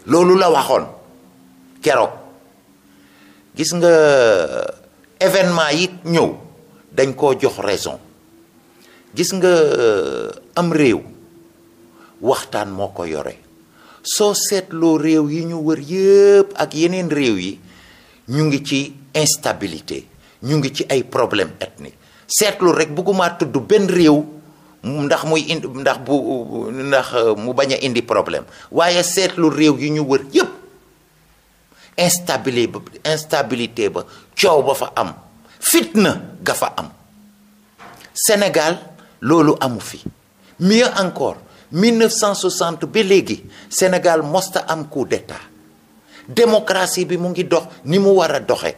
loolu la waxoon keroog gis nga euh, événement yi ñëw dañ koo jox raison gis nga euh, am réew waxtaan moo ko yore soo seetloo réew yi ñu wër yépp ak yeneen réew yi ñu ngi ci instabilité ñu ngi ci ay problème ethnique seetlu rek bëgguma tudd benn réew ndax muy indi ndax bu ndax euh, mu bañ a indi problème waaye seetlu réew yi ñu wër yépp instabilité ba instabilité ba coow ba fa am fitna ga fa am Sénégal loolu amu fi mieux encore 1960 ba léegi Sénégal mosta am coup d'état démocratie bi mu ngi dox ni mu war a doxe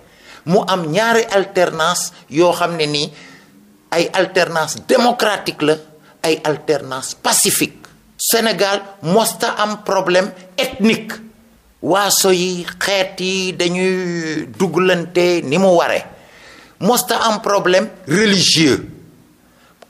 mu am ñaari alternance yoo xam ne nii ay alternance démocratique la ay alternance pacifique Sénégal mosta am problème ethnique waaso yi xeet yi dañuy duglante ni mu waree mosta am problème religieux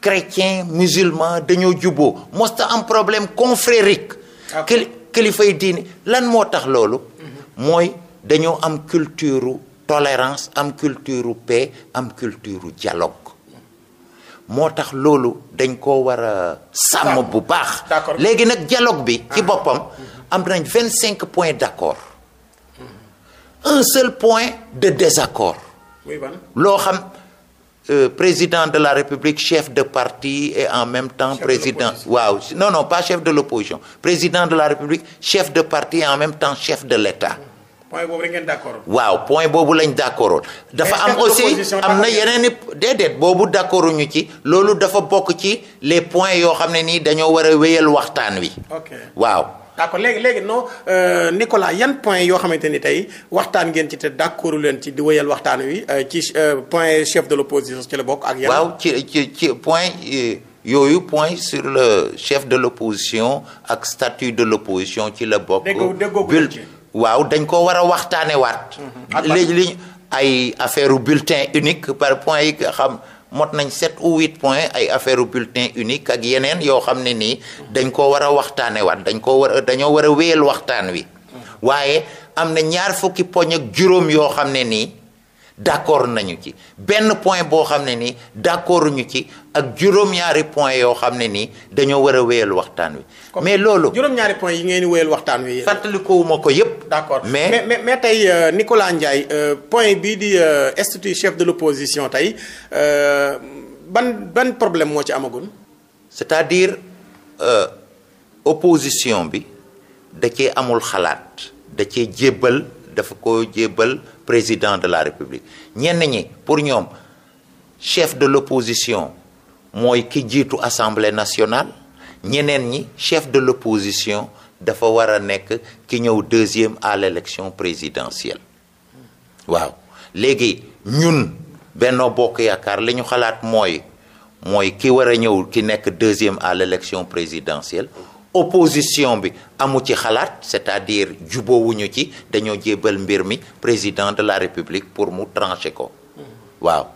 chrétien musulman dañoo juboo mosta am problème confrérique ah kilifay diine lan moo tax loolu mhm. mooy dañoo am culture tolérance am culture paix am culture dialogue moo tax loolu dañ ko war a sàmm bu baax léegi nag dialogue bi ci ah. boppam mhm. am nañ vingt cinq points d'accord mhm. un seul point de désaccord loo xam Euh, président de la République, chef de parti et en même temps chef président. Waaw, non, non, pas chef de l'opposition. Président de la République, chef de parti et en même temps chef de l'État. point boobu la ngeen d'accord. waaw point boobu lañ d'accord dafa am aussi am na yeneen i déedéet boobu d'accord ñu ci loolu dafa bokk ci les points yoo xam ne nii dañoo war a wéyal waxtaan wi. waaw. d'accord léegi léegi non euh, Nicolas yan point yoo xamante ni tey waxtaan ngeen ci te d'accordu leen ci di wéyal waxtaan wi euh, ci euh, point chef de l'opposition ci la bokk ak yan waaw ci ci ci point yooyu point sur le chef de l'opposition ak statut de l'opposition ci la bokk waaw dañ ko war a waxtaane waat mm-hmm. léegi li ay affaire bulletin unique par point yi xam mot nañ sept ou huit points ay affaire bulletin unique ak yeneen yoo xam ne nii dañ koo war a waxtaane waat dañ koo war a dañoo war a wéyal waxtaan wi waaye am na ñaar fukki poñ ak juróom yoo xam ne nii d'accord nañu ci benn point boo xam ne nii d'accord ñu ci ak juróom-ñaari point yoo xam ne nii dañoo war a wéyal waxtaan wi. mais loolu juróom-ñaari point yi ngeen di wéyal waxtaan wi. fàttalikuwuma ko yëpp. d'accord mais mais mais tey euh, Nicolas Ndiaye euh, point bii di euh, institut chef de l'opposition tey ban ban problème moo ci amagun. c'est-à-dire opposition bi da cee amul xalaat da cee jébbal dafa ko jébbal. président de la république ñenn ñi pour ñoom chef de l'opposition mooy ki jiitu assemblée nationale ñeneen ñi chef de l'opposition dafa war a nekk ki ñëw deuxième à l'élection présidentielle waaw léegi ñun Benno Bokk Yaakaar li ñu xalaat mooy mooy ki war a ñëw ki nekk deuxième à l'élection présidentielle opposition bi amu ci xalaat c'est-à-dire jubóowuñu ci dañoo jébal mbir mi président de la république pour mu trancher ko mm-hmm. waaw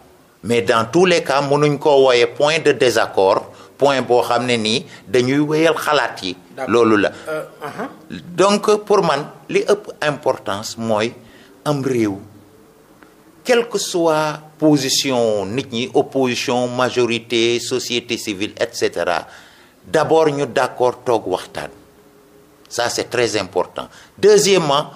mais dans tous les cas mënuñ ko wooye point de désaccord point boo xam ne nii dañuy wéyal xalaat yi loolu la euh, uh-huh. donc pour man li ëpp importance mooy am réew quelle que soit position nit ñi opposition majorité société civile et cetera d'abord ñu d'accord toog waxtaan ça c'est très important deuxièmement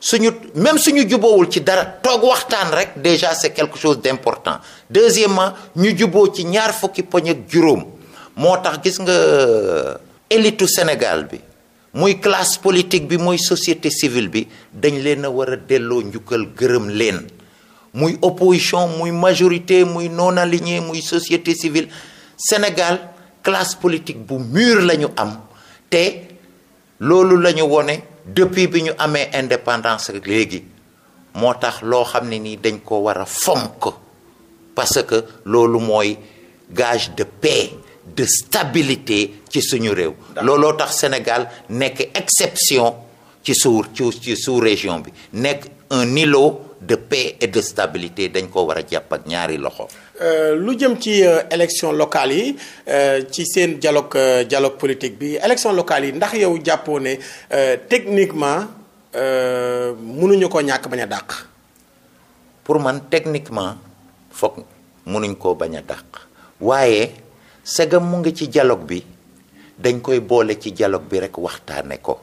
suñu même suñu jubóowul ci dara toog waxtaan rek déjà c'est quelque chose d'important deuxièmement ñu juboo ci ñaar fukki poñ ak juróom moo tax gis nga euh, élitu Sénégal bi muy classe politique bi muy societé civile bi dañ leen a war a delloo njukkal gërëm leen muy opposition muy majorité muy non aligné muy société civile Sénégal classe politique bu muur lañu am te loolu la ñu wone depuis bi ñu amee indépendance léegi moo tax loo xam ne nii dañ ko war a fonk parce que loolu mooy gage de paix de stabilité ci suñu réew looloo tax Sénégal nekk exception ci sous ci sous région bi nekk un nilo de paix et de stabilité dañ ko war a jàpp ak ñaari loxo Euh, lu jëm ci euh, élection locale yi euh, ci seen dialogue dialogue politique bi élection locale yi ndax yow jàppoo ne techniquement mënuñu ko ñàkk bañ a dàq. pour man techniquement foog mënuñ koo bañ a dàq waaye segam mu ngi ci dialogue bi dañ koy boole ci dialogue bi rek waxtaane ko.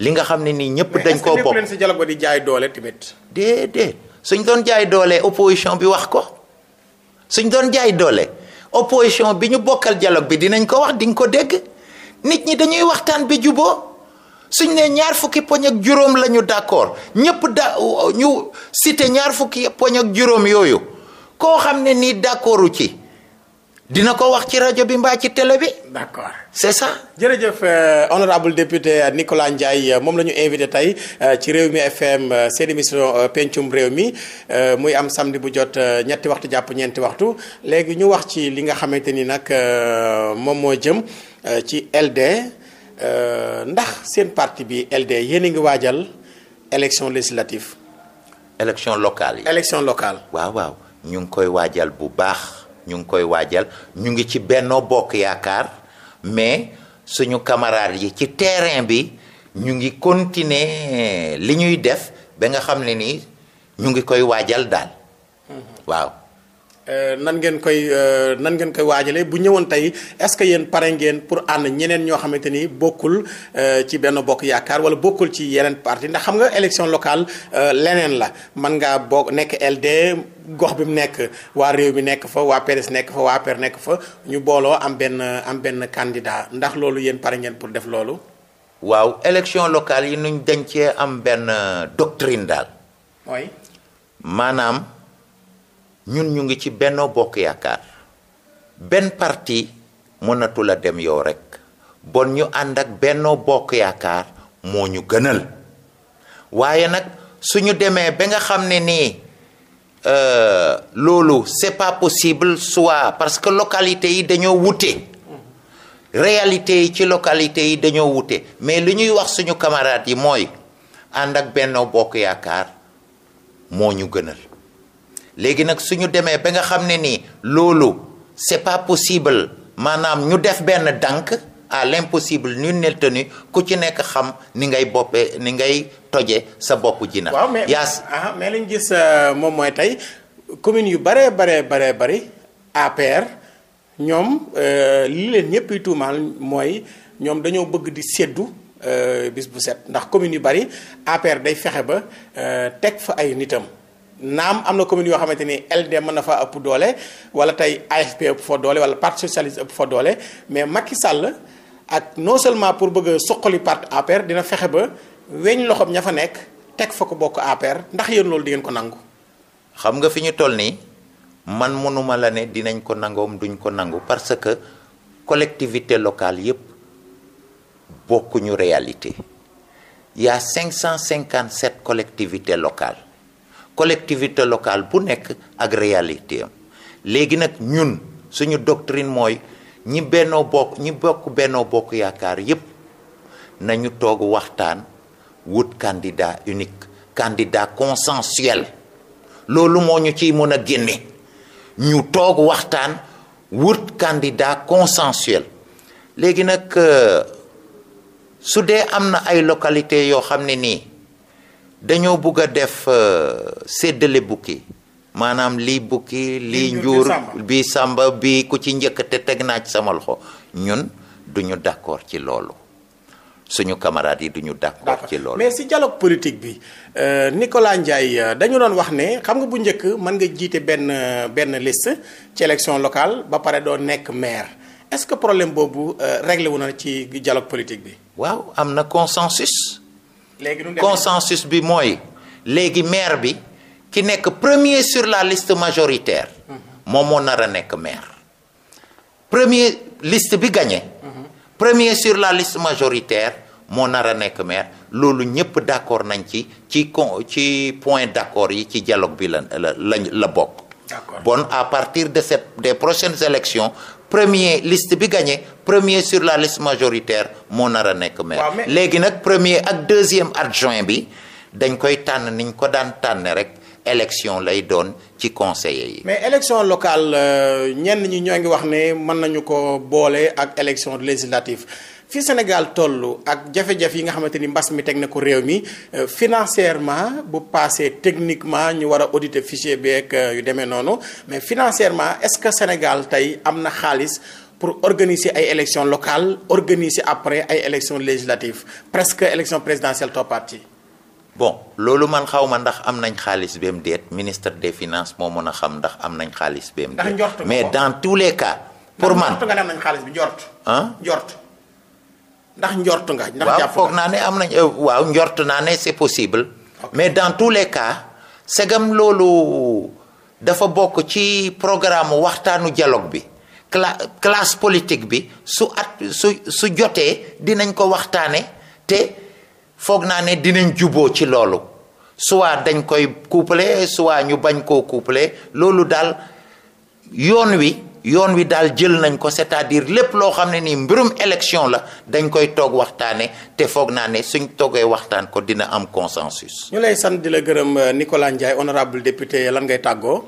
li nga xam ne nii ñëpp dañ koo bokk mais est-ce si dialogue di jaay doole tamit. déedéet suñ doon jaay doole opposition bi wax ko. suñ doon jaay doole opposition bi ñu bokkal dialogue bi dinañ ko wax dinga ko dégg nit ñi dañuy waxtaan bi juboo suñ ne ñaar fukki poñ ak juróom la ñu d'accord ñëpp da ñu cité ñaar fukki poñ ak juróom yooyu koo xam ne nii d'accordu ci dina ko wax ci rajo bi mbaa ci télé bi. d'accord c'est ça. jërëjëf euh, honorable député euh, Nicolas Ndiaye euh, moom la ñu invité tey ci réew mi FM seen émission pencum réew mi muy am samedi bu jot ñetti waxtu jàpp ñeenti waxtu léegi ñu wax ci li nga xamante ni nag moom moo jëm ci LD ndax seen partie bi LD yéen a ngi waajal élection législative. élection locale yi. élection locale. waaw waaw ñu ngi koy waajal bu baax. ñu ngi koy waajal ñu ngi ci Benno Bokk Yaakaar mais suñu camarades yi ci terrain bi ñu ngi continuer li ñuy def ba nga xam ne nii ñu ngi koy waajal daal mm-hmm. waaw. Euh, nan ngeen koy euh, nan ngeen koy waajalee bu ñëwoon tey est-ce que yéen pare ngeen pour ànd ñeneen ñoo xamante ni bokkul euh, ci benn bokk yaakaar wala bokkul ci yeneen parti ndax xam nga élection locale leneen la man ngaa bokk nekk LD gox bi mu nekk waa réew mi nekk fa waa PDS nekk fa waa per nekk fa ñu booloo am benn am benn kandidaa ndax loolu yéen pare ngeen pour def loolu. waaw élection locale yi nuñ dencee am benn doctrine daal. maanaam. ñun ñu ngi ci Benno Bokk Yaakaar benn parti mënatul a dem yow rek bon ñu ànd ak Benno Bokk Yaakaar moo ñu gënal waaye nag suñu demee ba nga xam ne nii euh, loolu c'est pas possible soit parce que localité yi dañoo wute réalité yi ci localité yi dañoo wute mais li ñuy wax suñu camarades yi mooy ànd ak Benno Bokk Yaakaar moo ñu gënal léegi nag suñu demee ba nga xam ne nii loolu c'est pas possible maanaam ñu def benn dànk à l'impossible nul n'est tenu ku ci nekk xam ni ngay boppe ni ngay toje sa bopp ji na. waaw mais ah mais lañ gis euh, moom mooy tey commune yu baree baree baree bari APR ñoom euh, li leen ñëpp yi tuumaal mooy ñoom dañoo bëgg di séddu. Euh, bis bu set ndax commune yu bari APR day fexe ba teg fa ay nitam naam am na commune yoo xamante ni LD mën na fa ëpp doole wala tey AFP ëpp fa doole wala parti socialiste ëpp fa doole mais Macky sàll ak non seulement pour bëgg a suqali parti APR dina fexe ba weñ loxoom ña fa nekk teg fa ko bokk APR ndax yéen loolu di ko nangu. xam nga fi ñu toll nii man mënuma la ne dinañ ko nangoom duñ ko nangu parce que collectivité locale yépp bokkuñu réalité cent cinquante 557 collectivités locale collectivité locale bu nekk ak réalité léegi nag ñun suñu doctrine mooy ñi bennoo bokk ñi bokk bennoo bokk yaakaar yépp nañu toog waxtaan wut candidat unique candidat consensuel loolu moo ñu ci mën a génne ñu toog waxtaan wut candidat consensuel léegi nag euh, su dee am na ay localité yoo xam ne nii dañoo bugg a def euh, séddale bukki maanaam lii bukki lii njuur bi sàmba bi ku ci njëkk te teg naa ci sama loxo ñun duñu d'accord ci loolu suñu camarades yi duñu d'accord ci loolu mais si dialogue politique bi euh, Nicolas Ndiaye euh, dañu doon wax ne xam nga bu njëkk mën nga jiite benn benn liste ci élection locale ba pare doo nekk maire est-ce que problème boobu réglé wu na ci dialogue politique bi waaw am na consensus consensus bi mooy léegi maire bi ki nekk premier sur la liste majoritaire mhm. moom moo nar a nekk maire premier liste bi gagné mhm. premier sur la liste majoritaire moo nar a nekk maire loolu ñëpp d'accord nañ ci ci con ci point d'accord yi ci dialogue bi la la la bokk bon à partir de cette des prochaines élections premier liste bi gagné premier sur la liste majoritaire moo nar a nekk maire. léegi nag premier ak deuxième adjoint bi dañ koy tànn niñ ko daan tànn rek élection lay doon ci conseillers yi. mais élection locale euh, ñenn ñi ñoo ngi wax ne mën nañu ko boole ak élection législative. fi Sénégal toll ak jafe-jafe yi nga xamante ni mbas mi teg na ko réew mi euh, financièrement bu passé techniquement ñu war a auditer fichier bi ak euh, yu demee noonu mais financièrement est-ce que Sénégal tey am na xaalis pour organiser ay élections locale organiser après ay élections législatives presque élection présidentielle toppaat ci bon loolu man xaw ma ndax am nañ xaalis beem déet ministre des finances moo mën a xam ndax am nañ xaalis beem déet mais dans tous les cas pour bi njort ah njort ndax njort nga ndax jàpp foog naa ne am nañ euh, waaw njort naa ne c'est possible. mais dans tous les cas segam loolu dafa bokk ci programme waxtaanu dialogue bi cla classe politique bi su at su su jotee dinañ ko waxtaane te foog naa ne dinañ juboo ci loolu soit dañ koy couplé soit ñu bañ koo couplé loolu daal yoon wi. yoon wi daal jël nañ ko c'est-à-dire lépp loo xam ne nii mbirum élection la dañ koy toog waxtaane te foog naa ne suñ toogee waxtaan ko dina am consensus. ñu lay sant di la gërëm euh, Nicolas njaay honorable député lan ngay tàggoo.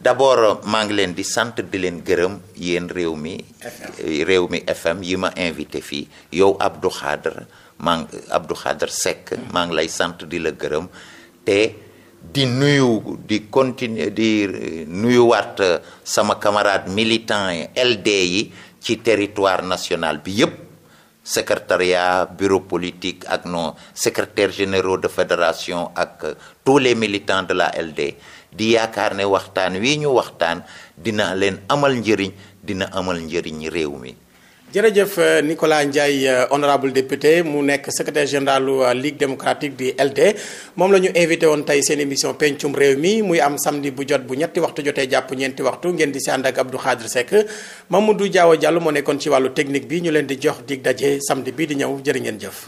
d'abord maa ngi leen di sant di leen gërëm yéen réew mi. Euh, réew mi FM yi ma invité fii yow Abdou Khadre maa ngi Abdou Khadre Seck mm. maa ngi lay sant di la gërëm te. di nuyu di continuer di eh, nuyuwaat eh, sama camarade militant yi LD yi ci territoire nationale bi yëpp secrétariat bureau politique ak no secretaire généraux de fédération ak eh, tous les militants de la LD di yaakaar ne waxtaan wi ñu waxtaan dina leen amal njëriñ dina amal njëriñ réew mi jërëjëf euh, Nicolas Ndiaye euh, honorable député mu nekk secrétaire général euh, Ligue démocratique du LD moom la ñu invité woon tey seen émission pencum réew mi muy am samdi bu jot bu ñetti waxtu jotee jàpp ñeenti waxtu ngeen di ak ànd ak Abdou Khadre Seck du Diaw jàll moo nekkoon ci wàllu technique bi ñu leen di jox di daje samedi bi di ñëw jërë ngeen jëf.